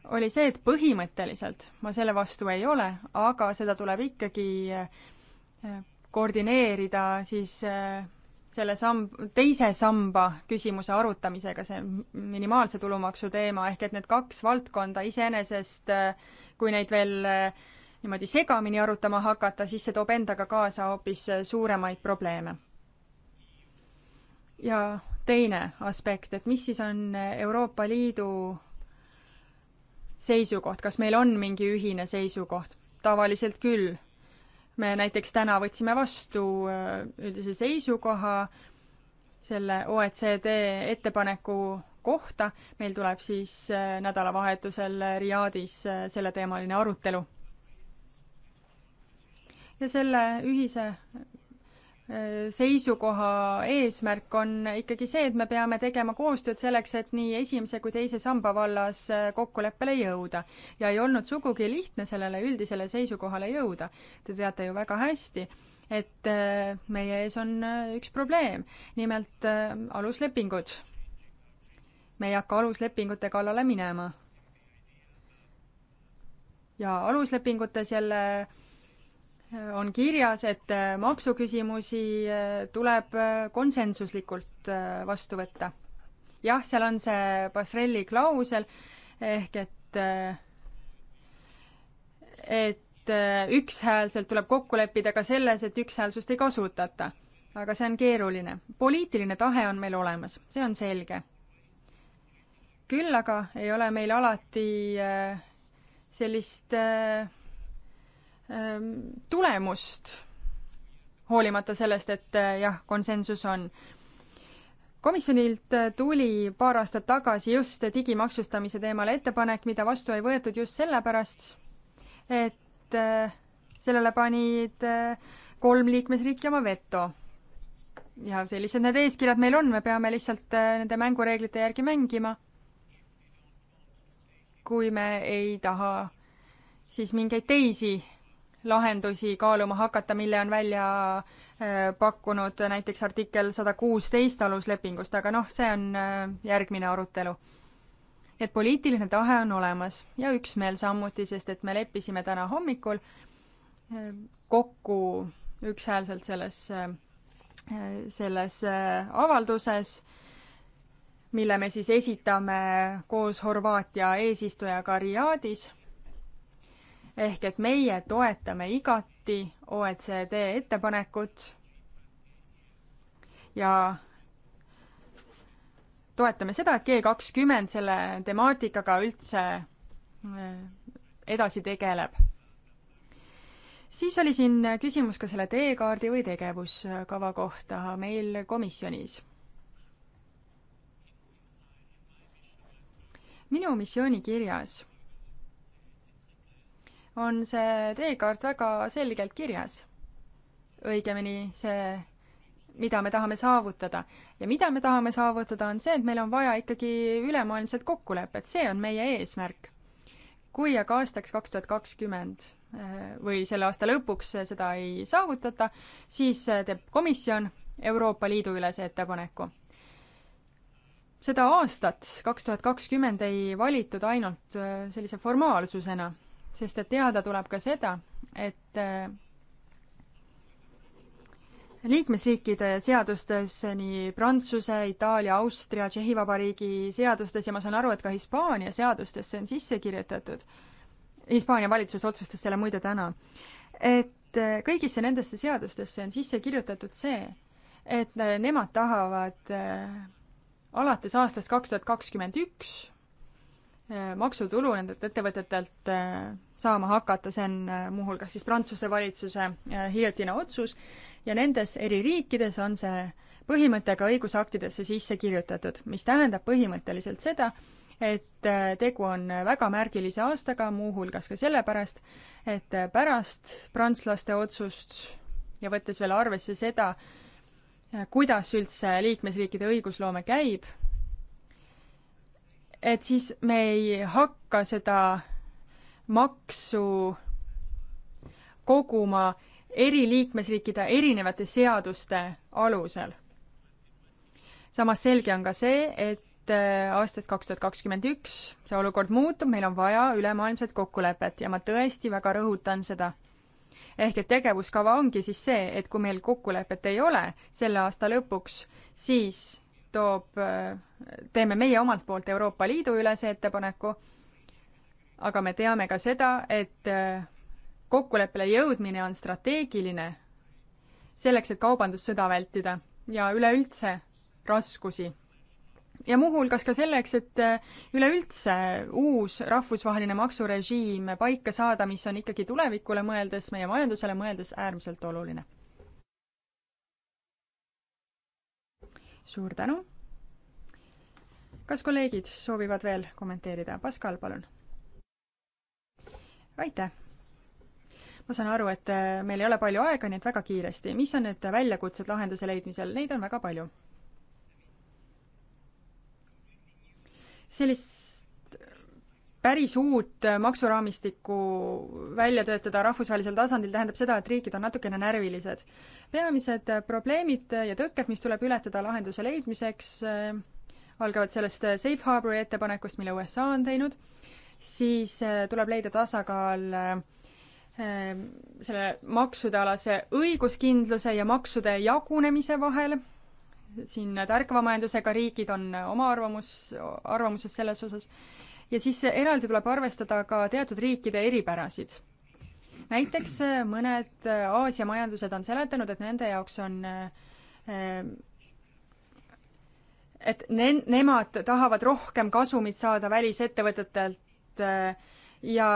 oli see, et põhimõtteliselt ma selle vastu ei ole, aga seda tuleb ikkagi koordineerida siis selle samb-, teise samba küsimuse arutamisega, see minimaalse tulumaksu teema, ehk et need kaks valdkonda iseenesest, kui neid veel niimoodi segamini arutama hakata, siis see toob endaga kaasa hoopis suuremaid probleeme. ja teine aspekt, et mis siis on Euroopa Liidu seisukoht, kas meil on mingi ühine seisukoht? tavaliselt küll me näiteks täna võtsime vastu äh, üldise seisukoha selle OECD ettepaneku kohta, meil tuleb siis äh, nädalavahetusel Riadis äh, selleteemaline arutelu. ja selle ühise seisukoha eesmärk on ikkagi see, et me peame tegema koostööd selleks, et nii esimese kui teise samba vallas äh, kokkuleppele jõuda. ja ei olnud sugugi lihtne sellele üldisele seisukohale jõuda. Te teate ju väga hästi, et äh, meie ees on äh, üks probleem, nimelt aluslepingud. me ei hakka aluslepingute kallale minema. ja aluslepingutes jälle on kirjas, et äh, maksuküsimusi äh, tuleb äh, konsensuslikult vastu võtta. jah, seal on see Basrelli klausel ehk et, et ükshäälselt tuleb kokku leppida ka selles, et ükshäälsust ei kasutata. aga see on keeruline. poliitiline tahe on meil olemas, see on selge. küll aga ei ole meil alati sellist äh, Ehm, tulemust, hoolimata sellest, et eh, jah, konsensus on. komisjonilt eh, tuli paar aastat tagasi just digimaksustamise teemal ettepanek, mida vastu ei võetud just sellepärast, et eh, sellele panid kolm liikmesriiki oma veto. ja sellised need eeskirjad meil on, me peame lihtsalt nende mängureeglite järgi mängima. kui me ei taha siis mingeid teisi lahendusi kaaluma hakata, mille on välja äh, pakkunud näiteks artikkel sada kuusteist aluslepingust, aga noh, see on äh, järgmine arutelu. et poliitiline tahe on olemas ja üksmeel samuti, sest et me leppisime täna hommikul äh, kokku ükshäälselt selles, selles avalduses, mille me siis esitame koos Horvaatia eesistujaga Riadis ehk et meie toetame igati OECD ettepanekut ja toetame seda, et G kakskümmend selle temaatikaga üldse äh, edasi tegeleb. siis oli siin küsimus ka selle teekaardi või tegevuskava kohta meil komisjonis. minu missioonikirjas on see teekaart väga selgelt kirjas. õigemini see, mida me tahame saavutada. ja mida me tahame saavutada, on see, et meil on vaja ikkagi ülemaailmset kokkulepet, see on meie eesmärk. kui aga aastaks kaks tuhat kakskümmend eh, või selle aasta lõpuks seda ei saavutata, siis eh, teeb komisjon Euroopa Liidu ülese ettepaneku. seda aastat, kaks tuhat kakskümmend, ei valitud ainult eh, sellise formaalsusena sest et teada tuleb ka seda, et äh, liikmesriikide seadustes, nii Prantsuse, Itaalia, Austria, Tšehhi Vabariigi seadustes ja ma saan aru, et ka Hispaania seadustes see on sisse kirjutatud, Hispaania valitsus otsustas selle muide täna, et äh, kõigisse nendesse seadustesse on sisse kirjutatud see, et äh, nemad tahavad alates aastast kaks tuhat kakskümmend üks Äh, maksutulu nendelt ettevõtetelt äh, saama hakata, see on äh, muuhulgas siis Prantsuse valitsuse hiljutine otsus ja nendes eri riikides on see põhimõte ka õigusaktidesse sisse kirjutatud, mis tähendab põhimõtteliselt seda, et tegu on väga märgilise aastaga, muuhulgas ka sellepärast, et pärast prantslaste otsust ja võttes veel arvesse seda, kuidas üldse liikmesriikide õigusloome käib, et siis me ei hakka seda maksu koguma eri liikmesriikide erinevate seaduste alusel. samas selge on ka see, et äh, aastast kaks tuhat kakskümmend üks see olukord muutub, meil on vaja ülemaailmset kokkulepet ja ma tõesti väga rõhutan seda. ehk et tegevuskava ongi siis see, et kui meil kokkulepet ei ole selle aasta lõpuks, siis toob äh, teeme meie omalt poolt Euroopa Liidu ülese ettepaneku, aga me teame ka seda, et äh, kokkuleppele jõudmine on strateegiline selleks, et kaubandussõda vältida ja üleüldse raskusi. ja muuhulgas ka selleks, et äh, üleüldse uus rahvusvaheline maksurežiim paika saada, mis on ikkagi tulevikule mõeldes, meie majandusele mõeldes äärmiselt oluline. suur tänu kas kolleegid soovivad veel kommenteerida? Pascal, palun. aitäh. ma saan aru, et äh, meil ei ole palju aega, nii et väga kiiresti. mis on need väljakutsed lahenduse leidmisel? Neid on väga palju. sellist päris uut äh, maksuraamistikku välja töötada rahvusvahelisel tasandil tähendab seda, et riigid on natukene närvilised. peamised äh, probleemid ja tõkked, mis tuleb ületada lahenduse leidmiseks, algavad sellest äh, safe harbori ettepanekust, mille USA on teinud, siis äh, tuleb leida tasakaal äh, selle maksudealase õiguskindluse ja maksude jagunemise vahel, siin tärkava majandusega riigid on oma arvamus, arvamuses selles osas, ja siis eraldi tuleb arvestada ka teatud riikide eripärasid. näiteks mõned Aasia majandused on seletanud, et nende jaoks on et ne-, nemad tahavad rohkem kasumit saada välisettevõtetelt äh, ja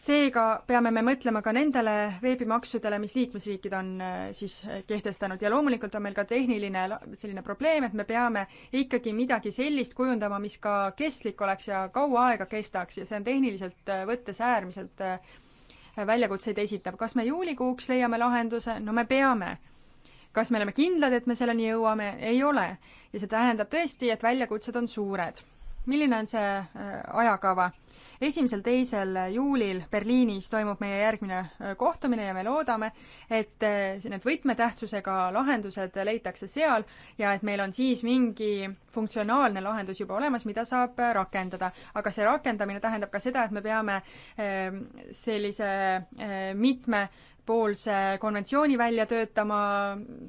seega peame me mõtlema ka nendele veebimaksudele, mis liikmesriigid on äh, siis kehtestanud ja loomulikult on meil ka tehniline selline probleem, et me peame ikkagi midagi sellist kujundama, mis ka kestlik oleks ja kaua aega kestaks ja see on tehniliselt äh, võttes äärmiselt väljakutseid esitav. kas me juulikuuks leiame lahenduse? no me peame kas me oleme kindlad, et me selleni jõuame? ei ole. ja see tähendab tõesti, et väljakutsed on suured. milline on see äh, ajakava? esimesel, teisel juulil Berliinis toimub meie järgmine äh, kohtumine ja me loodame, et äh, need võtmetähtsusega lahendused leitakse seal ja et meil on siis mingi funktsionaalne lahendus juba olemas, mida saab rakendada. aga see rakendamine tähendab ka seda, et me peame sellise mitme vastaspoolse konventsiooni välja töötama,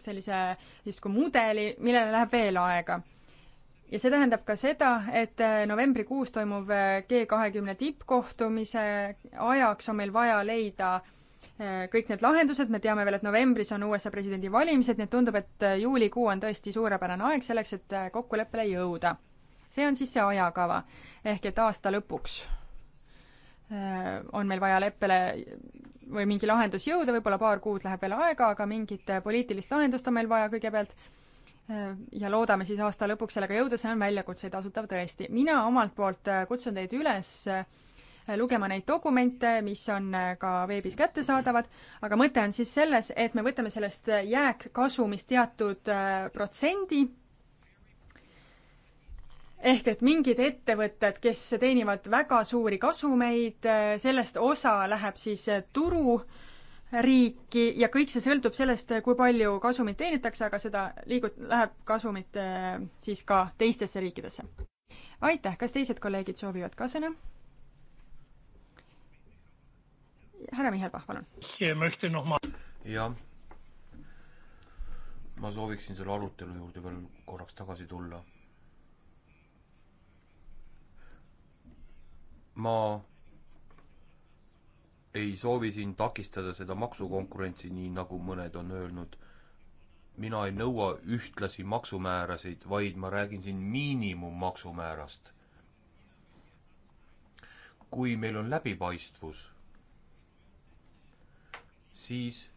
sellise justkui mudeli, millele läheb veel aega. ja see tähendab ka seda, et eh, novembrikuus toimuv eh, G kahekümne tippkohtumise ajaks on meil vaja leida eh, kõik need lahendused, me teame veel, et novembris on USA presidendivalimised, nii et tundub, et juulikuu on tõesti suurepärane aeg selleks, et kokkuleppele jõuda. see on siis see ajakava, ehk et aasta lõpuks on meil vaja leppele või mingi lahendus jõuda, võib-olla paar kuud läheb veel aega, aga mingit äh, poliitilist lahendust on meil vaja kõigepealt äh, ja loodame siis aasta lõpuks sellega jõuda, see on väljakutseid asutav tõesti. mina omalt poolt äh, kutsun teid üles lugema neid dokumente, mis on ka veebis kättesaadavad, aga mõte on siis selles, et me võtame sellest jääkkasumist teatud protsendi ehk et mingid ettevõtted, kes teenivad väga suuri kasumeid, eh, sellest osa läheb siis eh, tururiiki ja kõik see sõltub sellest, eh, kui palju kasumit teenitakse, aga seda liigut-, läheb kasumit siis ka teistesse riikidesse. aitäh, kas teised kolleegid soovivad ka sõna? härra Mihhail Pahv, palun. jah, ma sooviksin selle arutelu juurde veel korraks tagasi tulla ma ei soovi siin takistada seda maksukonkurentsi, nii nagu mõned on öelnud. mina ei nõua ühtlasi maksumäärasid, vaid ma räägin siin miinimummaksumäärast. kui meil on läbipaistvus, siis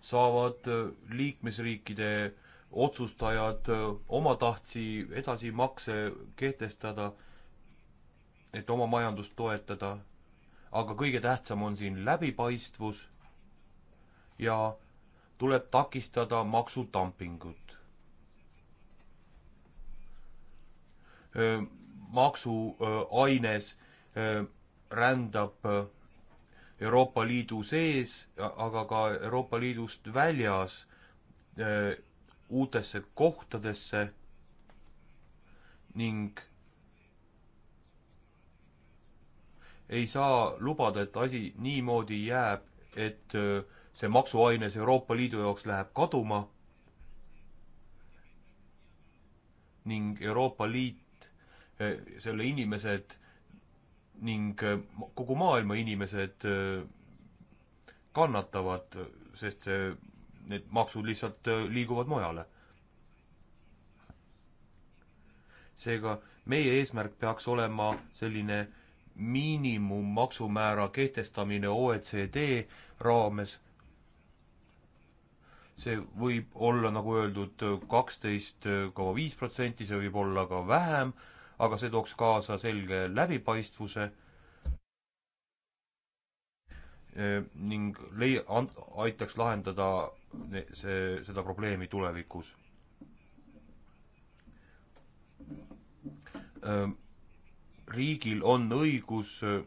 saavad liikmesriikide otsustajad omatahtsi edasimakse kehtestada et oma majandust toetada, aga kõige tähtsam on siin läbipaistvus ja tuleb takistada maksudumpingut. maksuaines rändab Euroopa Liidu sees, aga ka Euroopa Liidust väljas uutesse kohtadesse ning ei saa lubada, et asi niimoodi jääb, et äh, see maksuaines Euroopa Liidu jaoks läheb kaduma ning Euroopa Liit, äh, selle inimesed ning äh, kogu maailma inimesed kannatavad, sest see, need maksud lihtsalt liiguvad mujale. seega meie eesmärk peaks olema selline miinimummaksumäära kehtestamine OECD raames. see võib olla, nagu öeldud, kaksteist koma viis protsenti, see võib olla ka vähem, aga see tooks kaasa selge läbipaistvuse ning lei-, aitaks lahendada see, seda probleemi tulevikus riigil on õigus äh,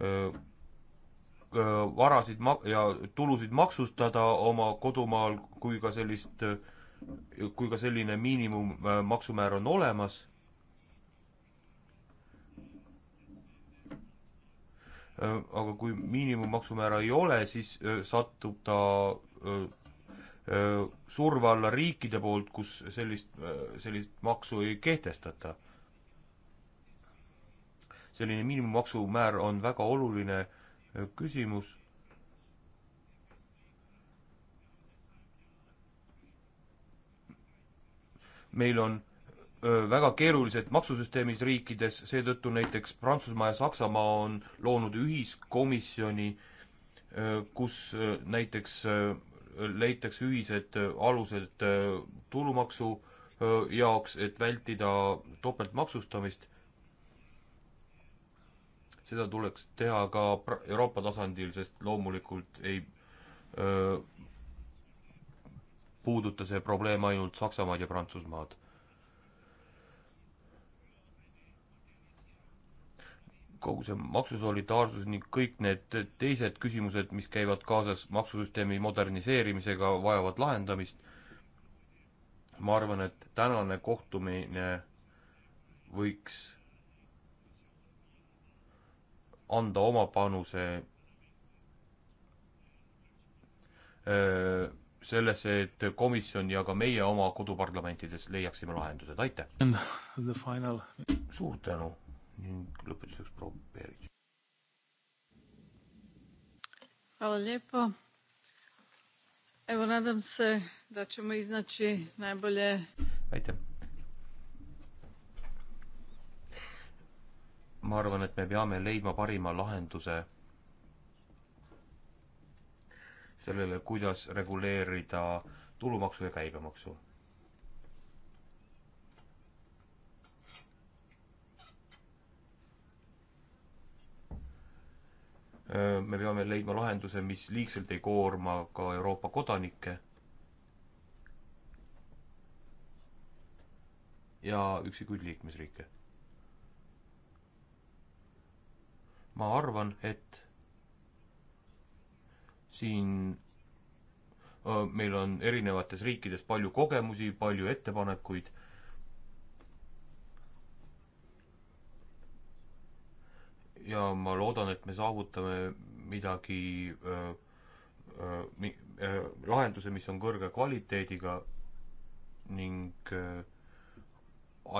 äh, varasid ma-, ja tulusid maksustada oma kodumaal, kui ka sellist, äh, kui ka selline miinimummaksumäär on olemas. aga kui miinimummaksumäära ei ole, siis satub ta surve alla riikide poolt, kus sellist, sellist maksu ei kehtestata selline miinimummaksumäär on väga oluline äh, küsimus. meil on äh, väga keerulised maksusüsteemid riikides, seetõttu näiteks Prantsusmaa ja Saksamaa on loonud ühiskomisjoni, äh, kus näiteks leitakse ühised alused tulumaksu jaoks, et vältida topeltmaksustamist seda tuleks teha ka Euroopa tasandil, sest loomulikult ei öö, puuduta see probleem ainult Saksamaad ja Prantsusmaad. kogu see maksusolidaarsus ning kõik need teised küsimused, mis käivad kaasas maksusüsteemi moderniseerimisega, vajavad lahendamist. ma arvan, et tänane kohtumine võiks anda oma panuse sellesse, et komisjon ja ka meie oma koduparlamentides leiaksime lahendused, aitäh! Final... suur tänu ning lõpetuseks proua Perits. Hvala lijepo. Evo nadam se da ćemo iznaći najbolje. Aitäh. ma arvan, et me peame leidma parima lahenduse sellele, kuidas reguleerida tulumaksu ja käibemaksu. me peame leidma lahenduse, mis liigselt ei koorma ka Euroopa kodanikke. ja üksikuid liikmesriike ma arvan, et siin meil on erinevates riikides palju kogemusi, palju ettepanekuid. ja ma loodan, et me saavutame midagi öö, mi-, lahenduse, mis on kõrge kvaliteediga ning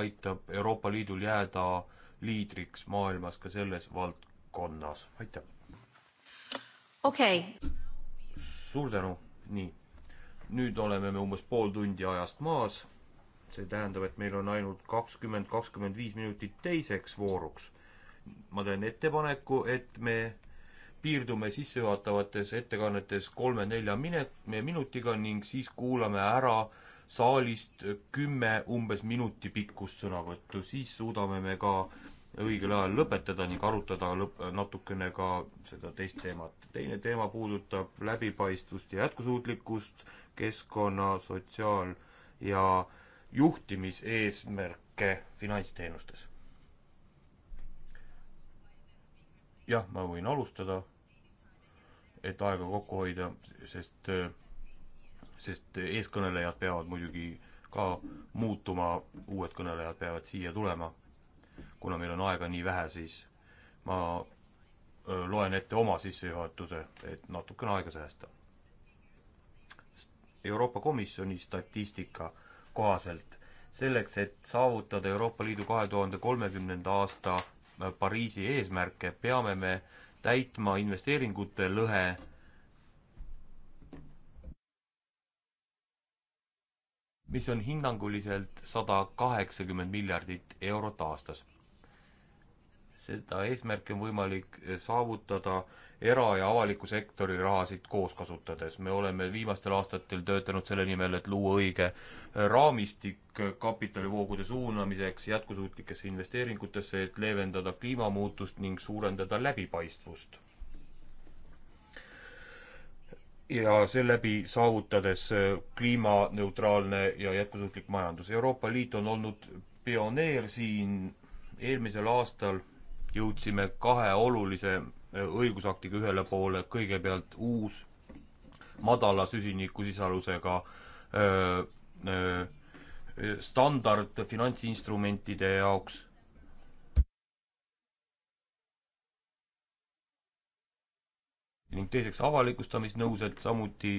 aitab Euroopa Liidul jääda liidriks maailmas ka selles vald-, valdkonnas, aitäh. okei okay.. suur tänu, nii. nüüd oleme me umbes pool tundi ajast maas. see tähendab, et meil on ainult kakskümmend, kakskümmend viis minutit teiseks vooruks. ma teen ettepaneku, et me piirdume sissejuhatavates ettekannetes kolme-nelja minutiga ning siis kuulame ära saalist kümme umbes minuti pikkust sõnavõttu, siis suudame me ka õigel ajal lõpetada ning arutada lõp-, natukene ka seda teist teemat. teine teema puudutab läbipaistvust ja jätkusuutlikkust, keskkonna, sotsiaal- ja juhtimiseesmärke finantsteenustes. jah, ma võin alustada, et aega kokku hoida, sest, sest eeskõnelejad peavad muidugi ka muutuma, uued kõnelejad peavad siia tulema kuna meil on aega nii vähe, siis ma loen ette oma sissejuhatuse, et natukene aega säästa. Euroopa Komisjoni statistika kohaselt selleks, et saavutada Euroopa Liidu kahe tuhande kolmekümnenda aasta Pariisi eesmärke, peame me täitma investeeringute lõhe mis on hinnanguliselt sada kaheksakümmend miljardit eurot aastas seda eesmärki on võimalik saavutada era- ja avaliku sektori rahasid koos kasutades. me oleme viimastel aastatel töötanud selle nimel, et luua õige raamistik kapitalivoogude suunamiseks jätkusuutlikesse investeeringutesse, et leevendada kliimamuutust ning suurendada läbipaistvust. ja seeläbi saavutades kliimaneutraalne ja jätkusuutlik majandus. Euroopa Liit on olnud pioneer siin eelmisel aastal jõudsime kahe olulise äh, õigusaktiga ühele poole, kõigepealt uus madala süsinikusisalusega öö, äh, öö, äh, standard finantsinstrumentide jaoks ning teiseks avalikustamisnõused, samuti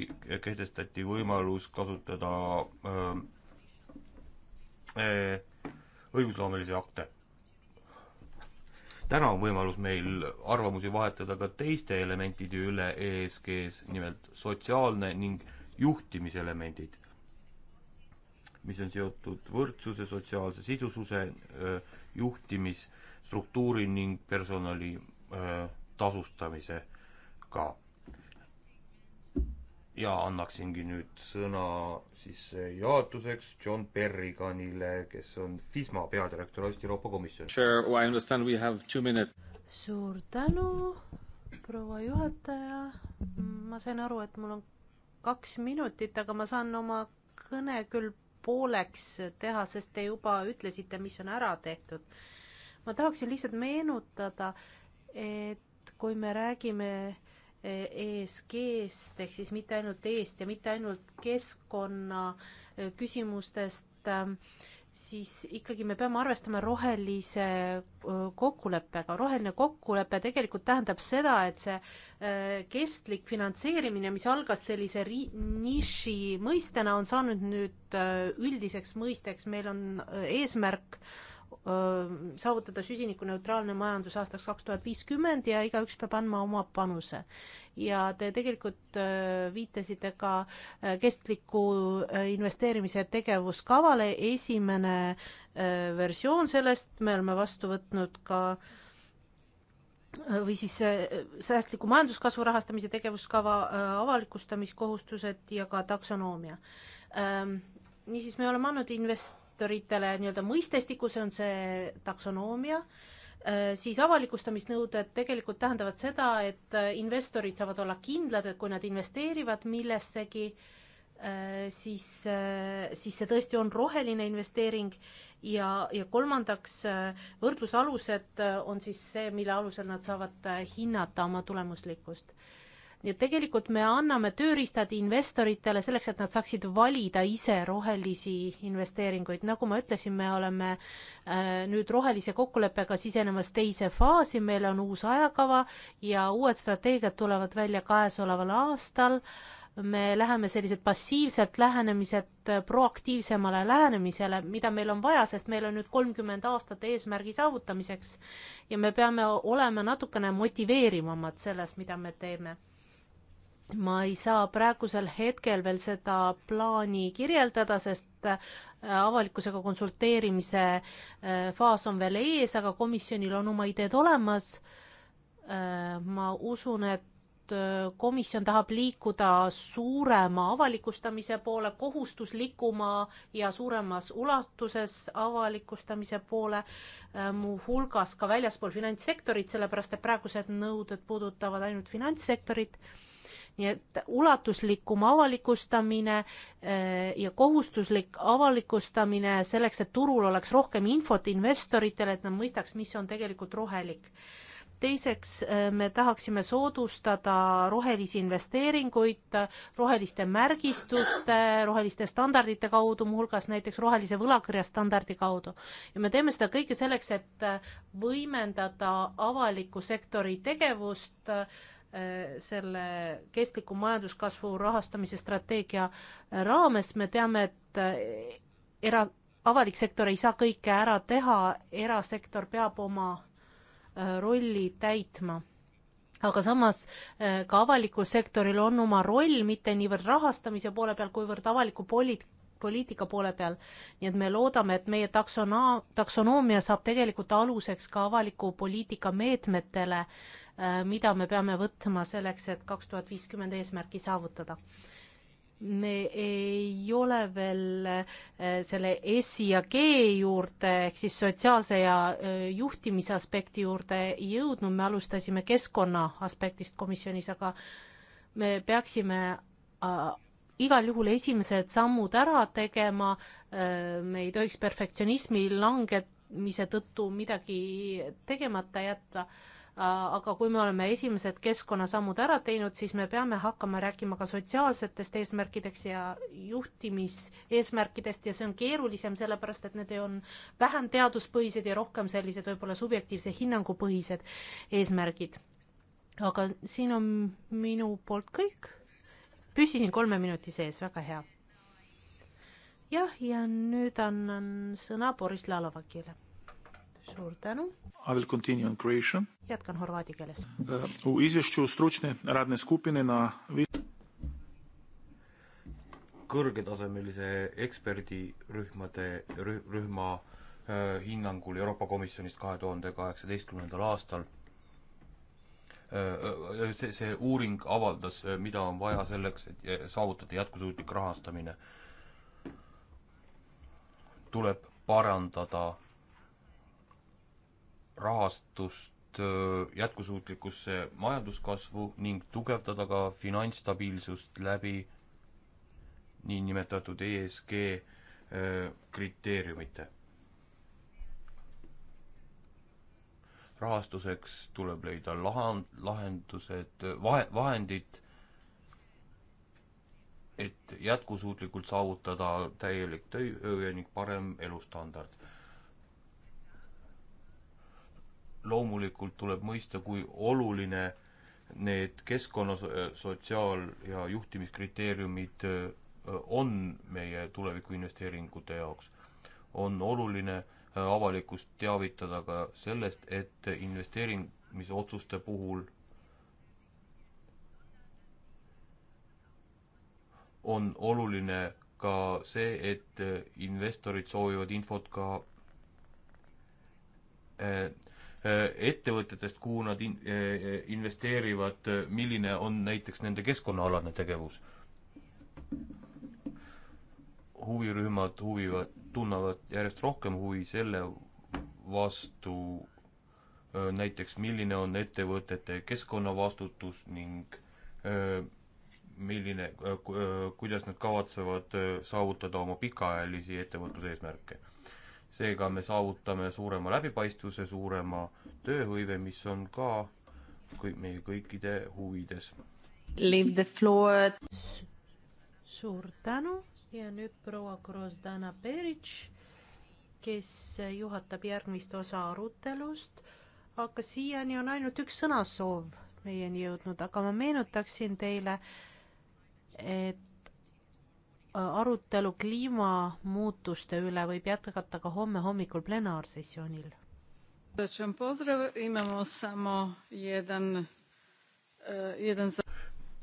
kehtestati võimalus kasutada öö, öö, õigusloomelisi akte täna on võimalus meil arvamusi vahetada ka teiste elementide üle ESG-s, nimelt sotsiaalne ning juhtimiselemendid, mis on seotud võrdsuse, sotsiaalse sidususe, juhtimisstruktuuri ning personali tasustamisega ja annaksingi nüüd sõna siis jaotuseks John Berriganile, kes on FISMA peadirektorist Euroopa Komisjonis sure,. Oh, well, suur tänu, proua juhataja. ma sain aru, et mul on kaks minutit, aga ma saan oma kõne küll pooleks teha, sest te juba ütlesite, mis on ära tehtud. ma tahaksin lihtsalt meenutada, et kui me räägime ESG-st ehk siis mitte ainult E-st ja mitte ainult keskkonna äh, küsimustest, ähm, siis ikkagi me peame arvestama rohelise äh, kokkuleppega. roheline kokkulepe tegelikult tähendab seda, et see äh, kestlik finantseerimine, mis algas sellise ri-, niši mõistena, on saanud nüüd üldiseks mõisteks, meil on eesmärk äh, saavutada süsinikuneutraalne majandus aastaks kaks tuhat viiskümmend ja igaüks peab andma oma panuse. ja te tegelikult viitasite ka kestliku investeerimise tegevuskavale, esimene versioon sellest me oleme vastu võtnud ka või siis säästliku majanduskasvu rahastamise tegevuskava avalikustamiskohustused ja ka taksonoomia niisiis, me oleme andnud invest-, indikaatoritele nii-öelda mõistestikku, see on see taksonoomia, äh, siis avalikustamisnõuded tegelikult tähendavad seda, et äh, investorid saavad olla kindlad, et kui nad investeerivad millessegi, äh, siis, siis see tõesti on roheline investeering ja, ja kolmandaks, võrdlusalused on siis see, mille alusel nad saavad hinnata oma tulemuslikkust nii et tegelikult me anname tööriistad investoritele selleks, et nad saaksid valida ise rohelisi investeeringuid, nagu ma ütlesin, me oleme äh, nüüd rohelise kokkuleppega sisenemas teise faasi, meil on uus ajakava ja uued strateegiad tulevad välja käesoleval aastal me läheme selliselt passiivselt lähenemiselt äh, proaktiivsemale lähenemisele, mida meil on vaja, sest meil on nüüd kolmkümmend aastat eesmärgi saavutamiseks ja me peame olema natukene motiveerivamad selles, mida me teeme ma ei saa praegusel hetkel veel seda plaani kirjeldada, sest äh, avalikkusega konsulteerimise äh, faas on veel ees, aga komisjonil on oma ideed olemas. Äh, ma usun, et komisjon tahab liikuda suurema avalikustamise poole, kohustuslikuma ja suuremas ulatuses avalikustamise poole, muuhulgas ka väljaspool finantssektorit, sellepärast et praegused nõuded puudutavad ainult finantssektorit nii et ulatuslikum avalikustamine eh, ja kohustuslik avalikustamine selleks, et turul oleks rohkem infot investoritele, et nad mõistaks, mis on tegelikult rohelik teiseks eh, me tahaksime soodustada rohelisi investeeringuid roheliste märgistuste, roheliste standardite kaudu, muuhulgas näiteks rohelise võlakirja standardi kaudu. ja me teeme seda kõike selleks, et võimendada avaliku sektori tegevust Äh, selle kestliku majanduskasvu rahastamise strateegia raames, me teame, et äh, era, avalik sektor ei saa kõike ära teha, erasektor peab oma äh, rolli täitma aga samas ka avalikul sektoril on oma roll mitte niivõrd rahastamise poole peal, kuivõrd avaliku poli-, poliitika poole peal. nii et me loodame, et meie taksona-, taksonoomia saab tegelikult aluseks ka avaliku poliitika meetmetele, äh, mida me peame võtma selleks, et kaks tuhat viiskümmend eesmärki saavutada me ei ole veel äh, selle S-i ja G juurde ehk siis sotsiaalse ja äh, juhtimise aspekti juurde jõudnud, me alustasime keskkonna aspektist komisjonis, aga me peaksime igal juhul esimesed sammud ära tegema, äh, me ei tohiks perfektsionismi langemise tõttu midagi tegemata jätta, äh, aga kui me oleme esimesed keskkonnasammud ära teinud, siis me peame hakkama rääkima ka sotsiaalsetest eesmärkideks ja juhtimiseesmärkidest ja see on keerulisem, sellepärast et need on vähem teaduspõhised ja rohkem sellised võib-olla subjektiivse hinnangu põhised eesmärgid. aga siin on minu poolt kõik püsisin kolme minuti sees, väga hea. jah, ja nüüd annan sõna Boris Lalovakile. suur tänu. I will continue on creation. jätkan horvaadi keeles uh,. U izvješću stručne radne skupine na kõrgetasemelise eksperdirühmade rühma uh, hinnangul Euroopa Komisjonist kahe tuhande kaheksateistkümnendal aastal Äh, äh, see, see uuring avaldas, äh, mida on vaja selleks, et saavutada jätkusuutlik rahastamine. tuleb parandada rahastust jätkusuutlikkusse majanduskasvu ning tugevdada ka finantsstabiilsust läbi niinimetatud ESG kriteeriumite rahastuseks tuleb leida lahan-, lahendused, vahe, vahendid, et jätkusuutlikult saavutada täielik tööhõive ning parem elustandard. loomulikult tuleb mõista, kui oluline need keskkonna, sotsiaal- ja juhtimiskriteeriumid on meie tulevikuinvesteeringute jaoks. on oluline äh, Äh, avalikkust teavitada ka sellest, et investeerimisotsuste puhul on oluline ka see, et äh, investorid soovivad infot ka äh, ettevõtetest, kuhu nad in-, investeerivad, milline on näiteks nende keskkonnaalane tegevus. huvirühmad huvivad tunnevad järjest rohkem huvi selle vastu, näiteks milline on ettevõtete keskkonnavastutus ning milline, kuidas nad kavatsevad saavutada oma pikaajalisi ettevõtluse eesmärke. seega me saavutame suurema läbipaistvuse, suurema tööhõive, mis on ka kõik meie kõikide huvides. Leave the floor. suur tänu ja nüüd proua Grozdana Peric, kes juhatab järgmist osa arutelust, aga siiani on ainult üks sõnasoov meieni jõudnud, aga ma meenutaksin teile, et arutelu kliimamuutuste üle võib jätkata ka homme hommikul plenaarsessioonil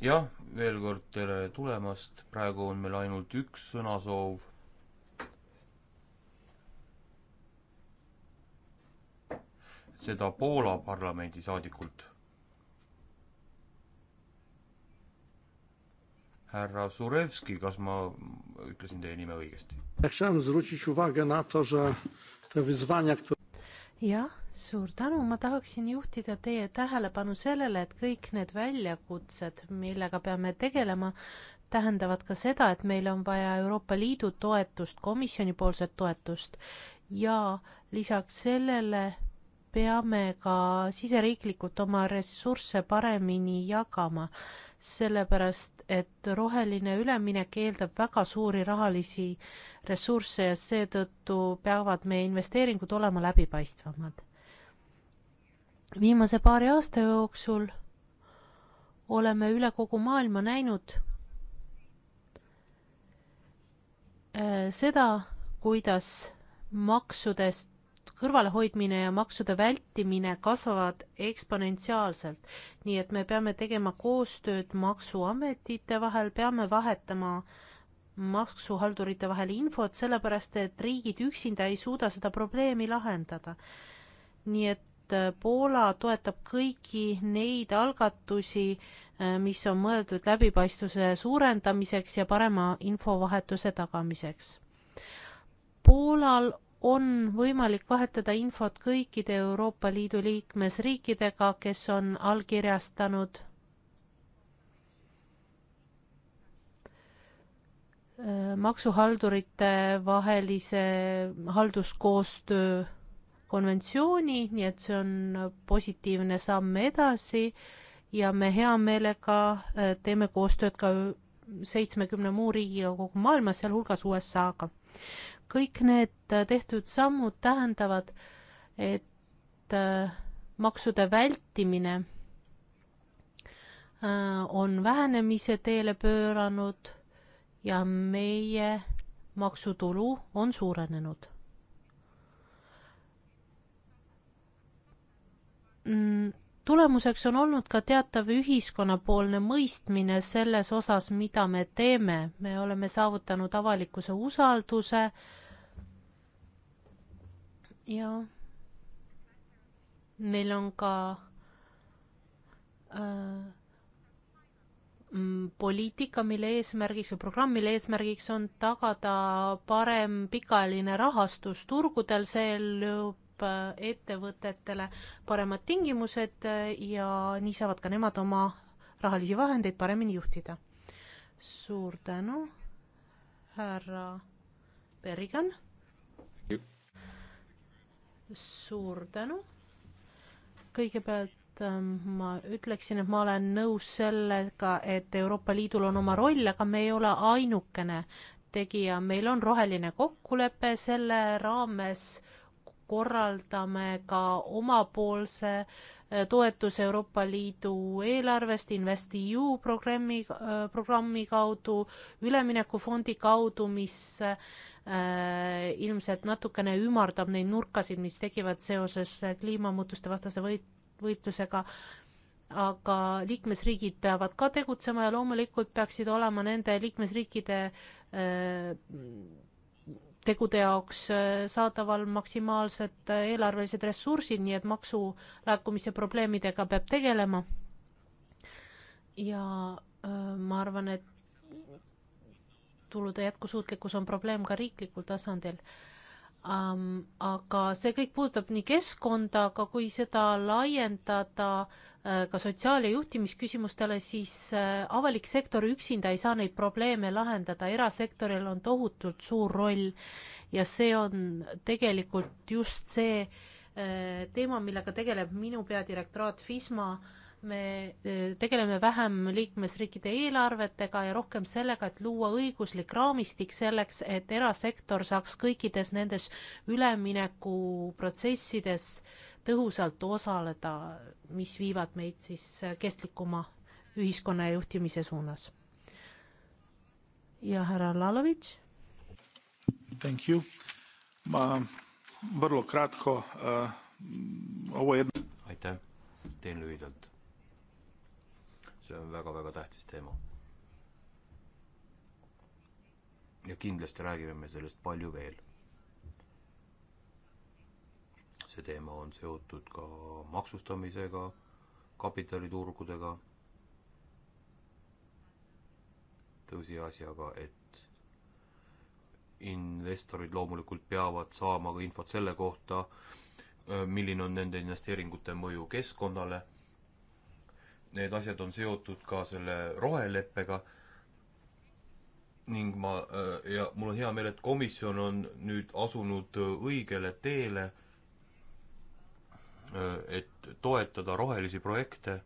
jah, veel kord tere tulemast, praegu on meil ainult üks sõnasoov. seda Poola parlamendi saadikult. härra Surevski, kas ma ütlesin teie nime õigesti? jah, suur tänu, ma tahaksin juhtida teie tähelepanu sellele, et kõik need väljakutsed, millega peame tegelema, tähendavad ka seda, et meil on vaja Euroopa Liidu toetust, komisjonipoolset toetust ja lisaks sellele peame ka siseriiklikult oma ressursse paremini jagama, sellepärast et roheline üleminek eeldab väga suuri rahalisi ressursse ja seetõttu peavad meie investeeringud olema läbipaistvamad viimase paari aasta jooksul oleme üle kogu maailma näinud äh, seda, kuidas maksudest kõrvalehoidmine ja maksude vältimine kasvavad eksponentsiaalselt. nii et me peame tegema koostööd maksuametite vahel, peame vahetama maksuhaldurite vahel infot, sellepärast et riigid üksinda ei suuda seda probleemi lahendada. nii et et äh, Poola toetab kõiki neid algatusi, äh, mis on mõeldud läbipaistvuse suurendamiseks ja parema infovahetuse tagamiseks. Poolal on võimalik vahetada infot kõikide Euroopa Liidu liikmesriikidega, kes on allkirjastanud äh, maksuhaldurite vahelise halduskoostöö konventsiooni, nii et see on positiivne samm edasi ja me hea meelega äh, teeme koostööd ka seitsmekümne muu riigiga kogu maailmas, sealhulgas USA-ga. kõik need äh, tehtud sammud tähendavad, et äh, maksude vältimine on vähenemise teele pööranud ja meie maksutulu on suurenenud Mm, tulemuseks on olnud ka teatav ühiskonnapoolne mõistmine selles osas, mida me teeme, me oleme saavutanud avalikkuse usalduse ja meil on ka äh, mm, poliitika, mille eesmärgiks või programm, mille eesmärgiks on tagada parem pikaajaline rahastus turgudel, see Äh, ettevõtetele paremad tingimused äh, ja nii saavad ka nemad oma rahalisi vahendeid paremini juhtida. suur tänu, härra Berrigan. suur tänu. kõigepealt ähm, ma ütleksin, et ma olen nõus sellega, et Euroopa Liidul on oma roll, aga me ei ole ainukene tegija, meil on roheline kokkulepe, selle raames äh, korraldame ka omapoolse eh, toetuse Euroopa Liidu eelarvest InvestEU programmi, eh, programmi kaudu, üleminekufondi kaudu, mis eh, ilmselt natukene ümardab neid nurkasid, mis tekivad seoses kliimamuutuste vastase võit-, võitlusega, aga liikmesriigid peavad ka tegutsema ja loomulikult peaksid olema nende liikmesriikide tegude jaoks äh, saadaval maksimaalsed äh, eelarvelised ressursid, nii et maksulaekumise probleemidega peab tegelema. ja äh, ma arvan, et tulude jätkusuutlikkus on probleem ka riiklikul tasandil ähm,. aga see kõik puudutab nii keskkonda, aga kui seda laiendada äh, ka sotsiaal- ja juhtimisküsimustele, siis äh, avalik sektor üksinda ei saa neid probleeme lahendada, erasektoril on tohutult suur roll ja see on tegelikult just see äh, teema, millega tegeleb minu peadirektoraat FISMA äh, me eh, tegeleme vähem liikmesriikide eelarvetega ja rohkem sellega, et luua õiguslik raamistik selleks, et erasektor saaks kõikides nendes üleminekuprotsessides tõhusalt osaleda, mis viivad meid siis eh, kestlikuma ühiskonna juhtimise suunas. ja härra Lalovitš? Thank you. Ma vrlo kratko uh, ovo jedno... aitäh, teen lühidalt see on väga-väga tähtis teema. ja kindlasti räägime me sellest palju veel. see teema on seotud ka maksustamisega, kapitaliturgudega, tõsiasjaga, et investorid loomulikult peavad saama ka infot selle kohta, milline on nende investeeringute mõju keskkonnale need asjad on seotud ka selle roheleppega ning ma äh, ja mul on hea meel, et komisjon on nüüd asunud õigele teele, äh, et toetada rohelisi projekte,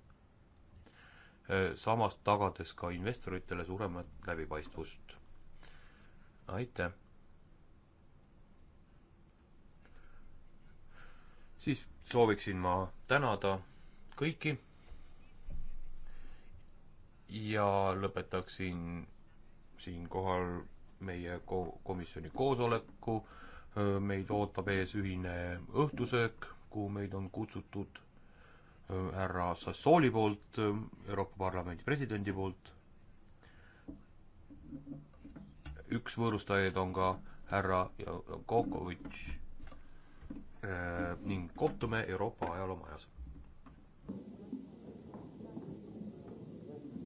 äh, samas tagades ka investoritele suuremat läbipaistvust. aitäh! siis sooviksin ma tänada kõiki ja lõpetaksin siinkohal meie ko-, komisjoni koosoleku, meid ootab ees ühine õhtusöök, kuhu meid on kutsutud härra Sassooli poolt, Euroopa Parlamendi presidendi poolt, üks võõrustajaid on ka härra Kokovitš ning kohtume Euroopa ajaloomajas.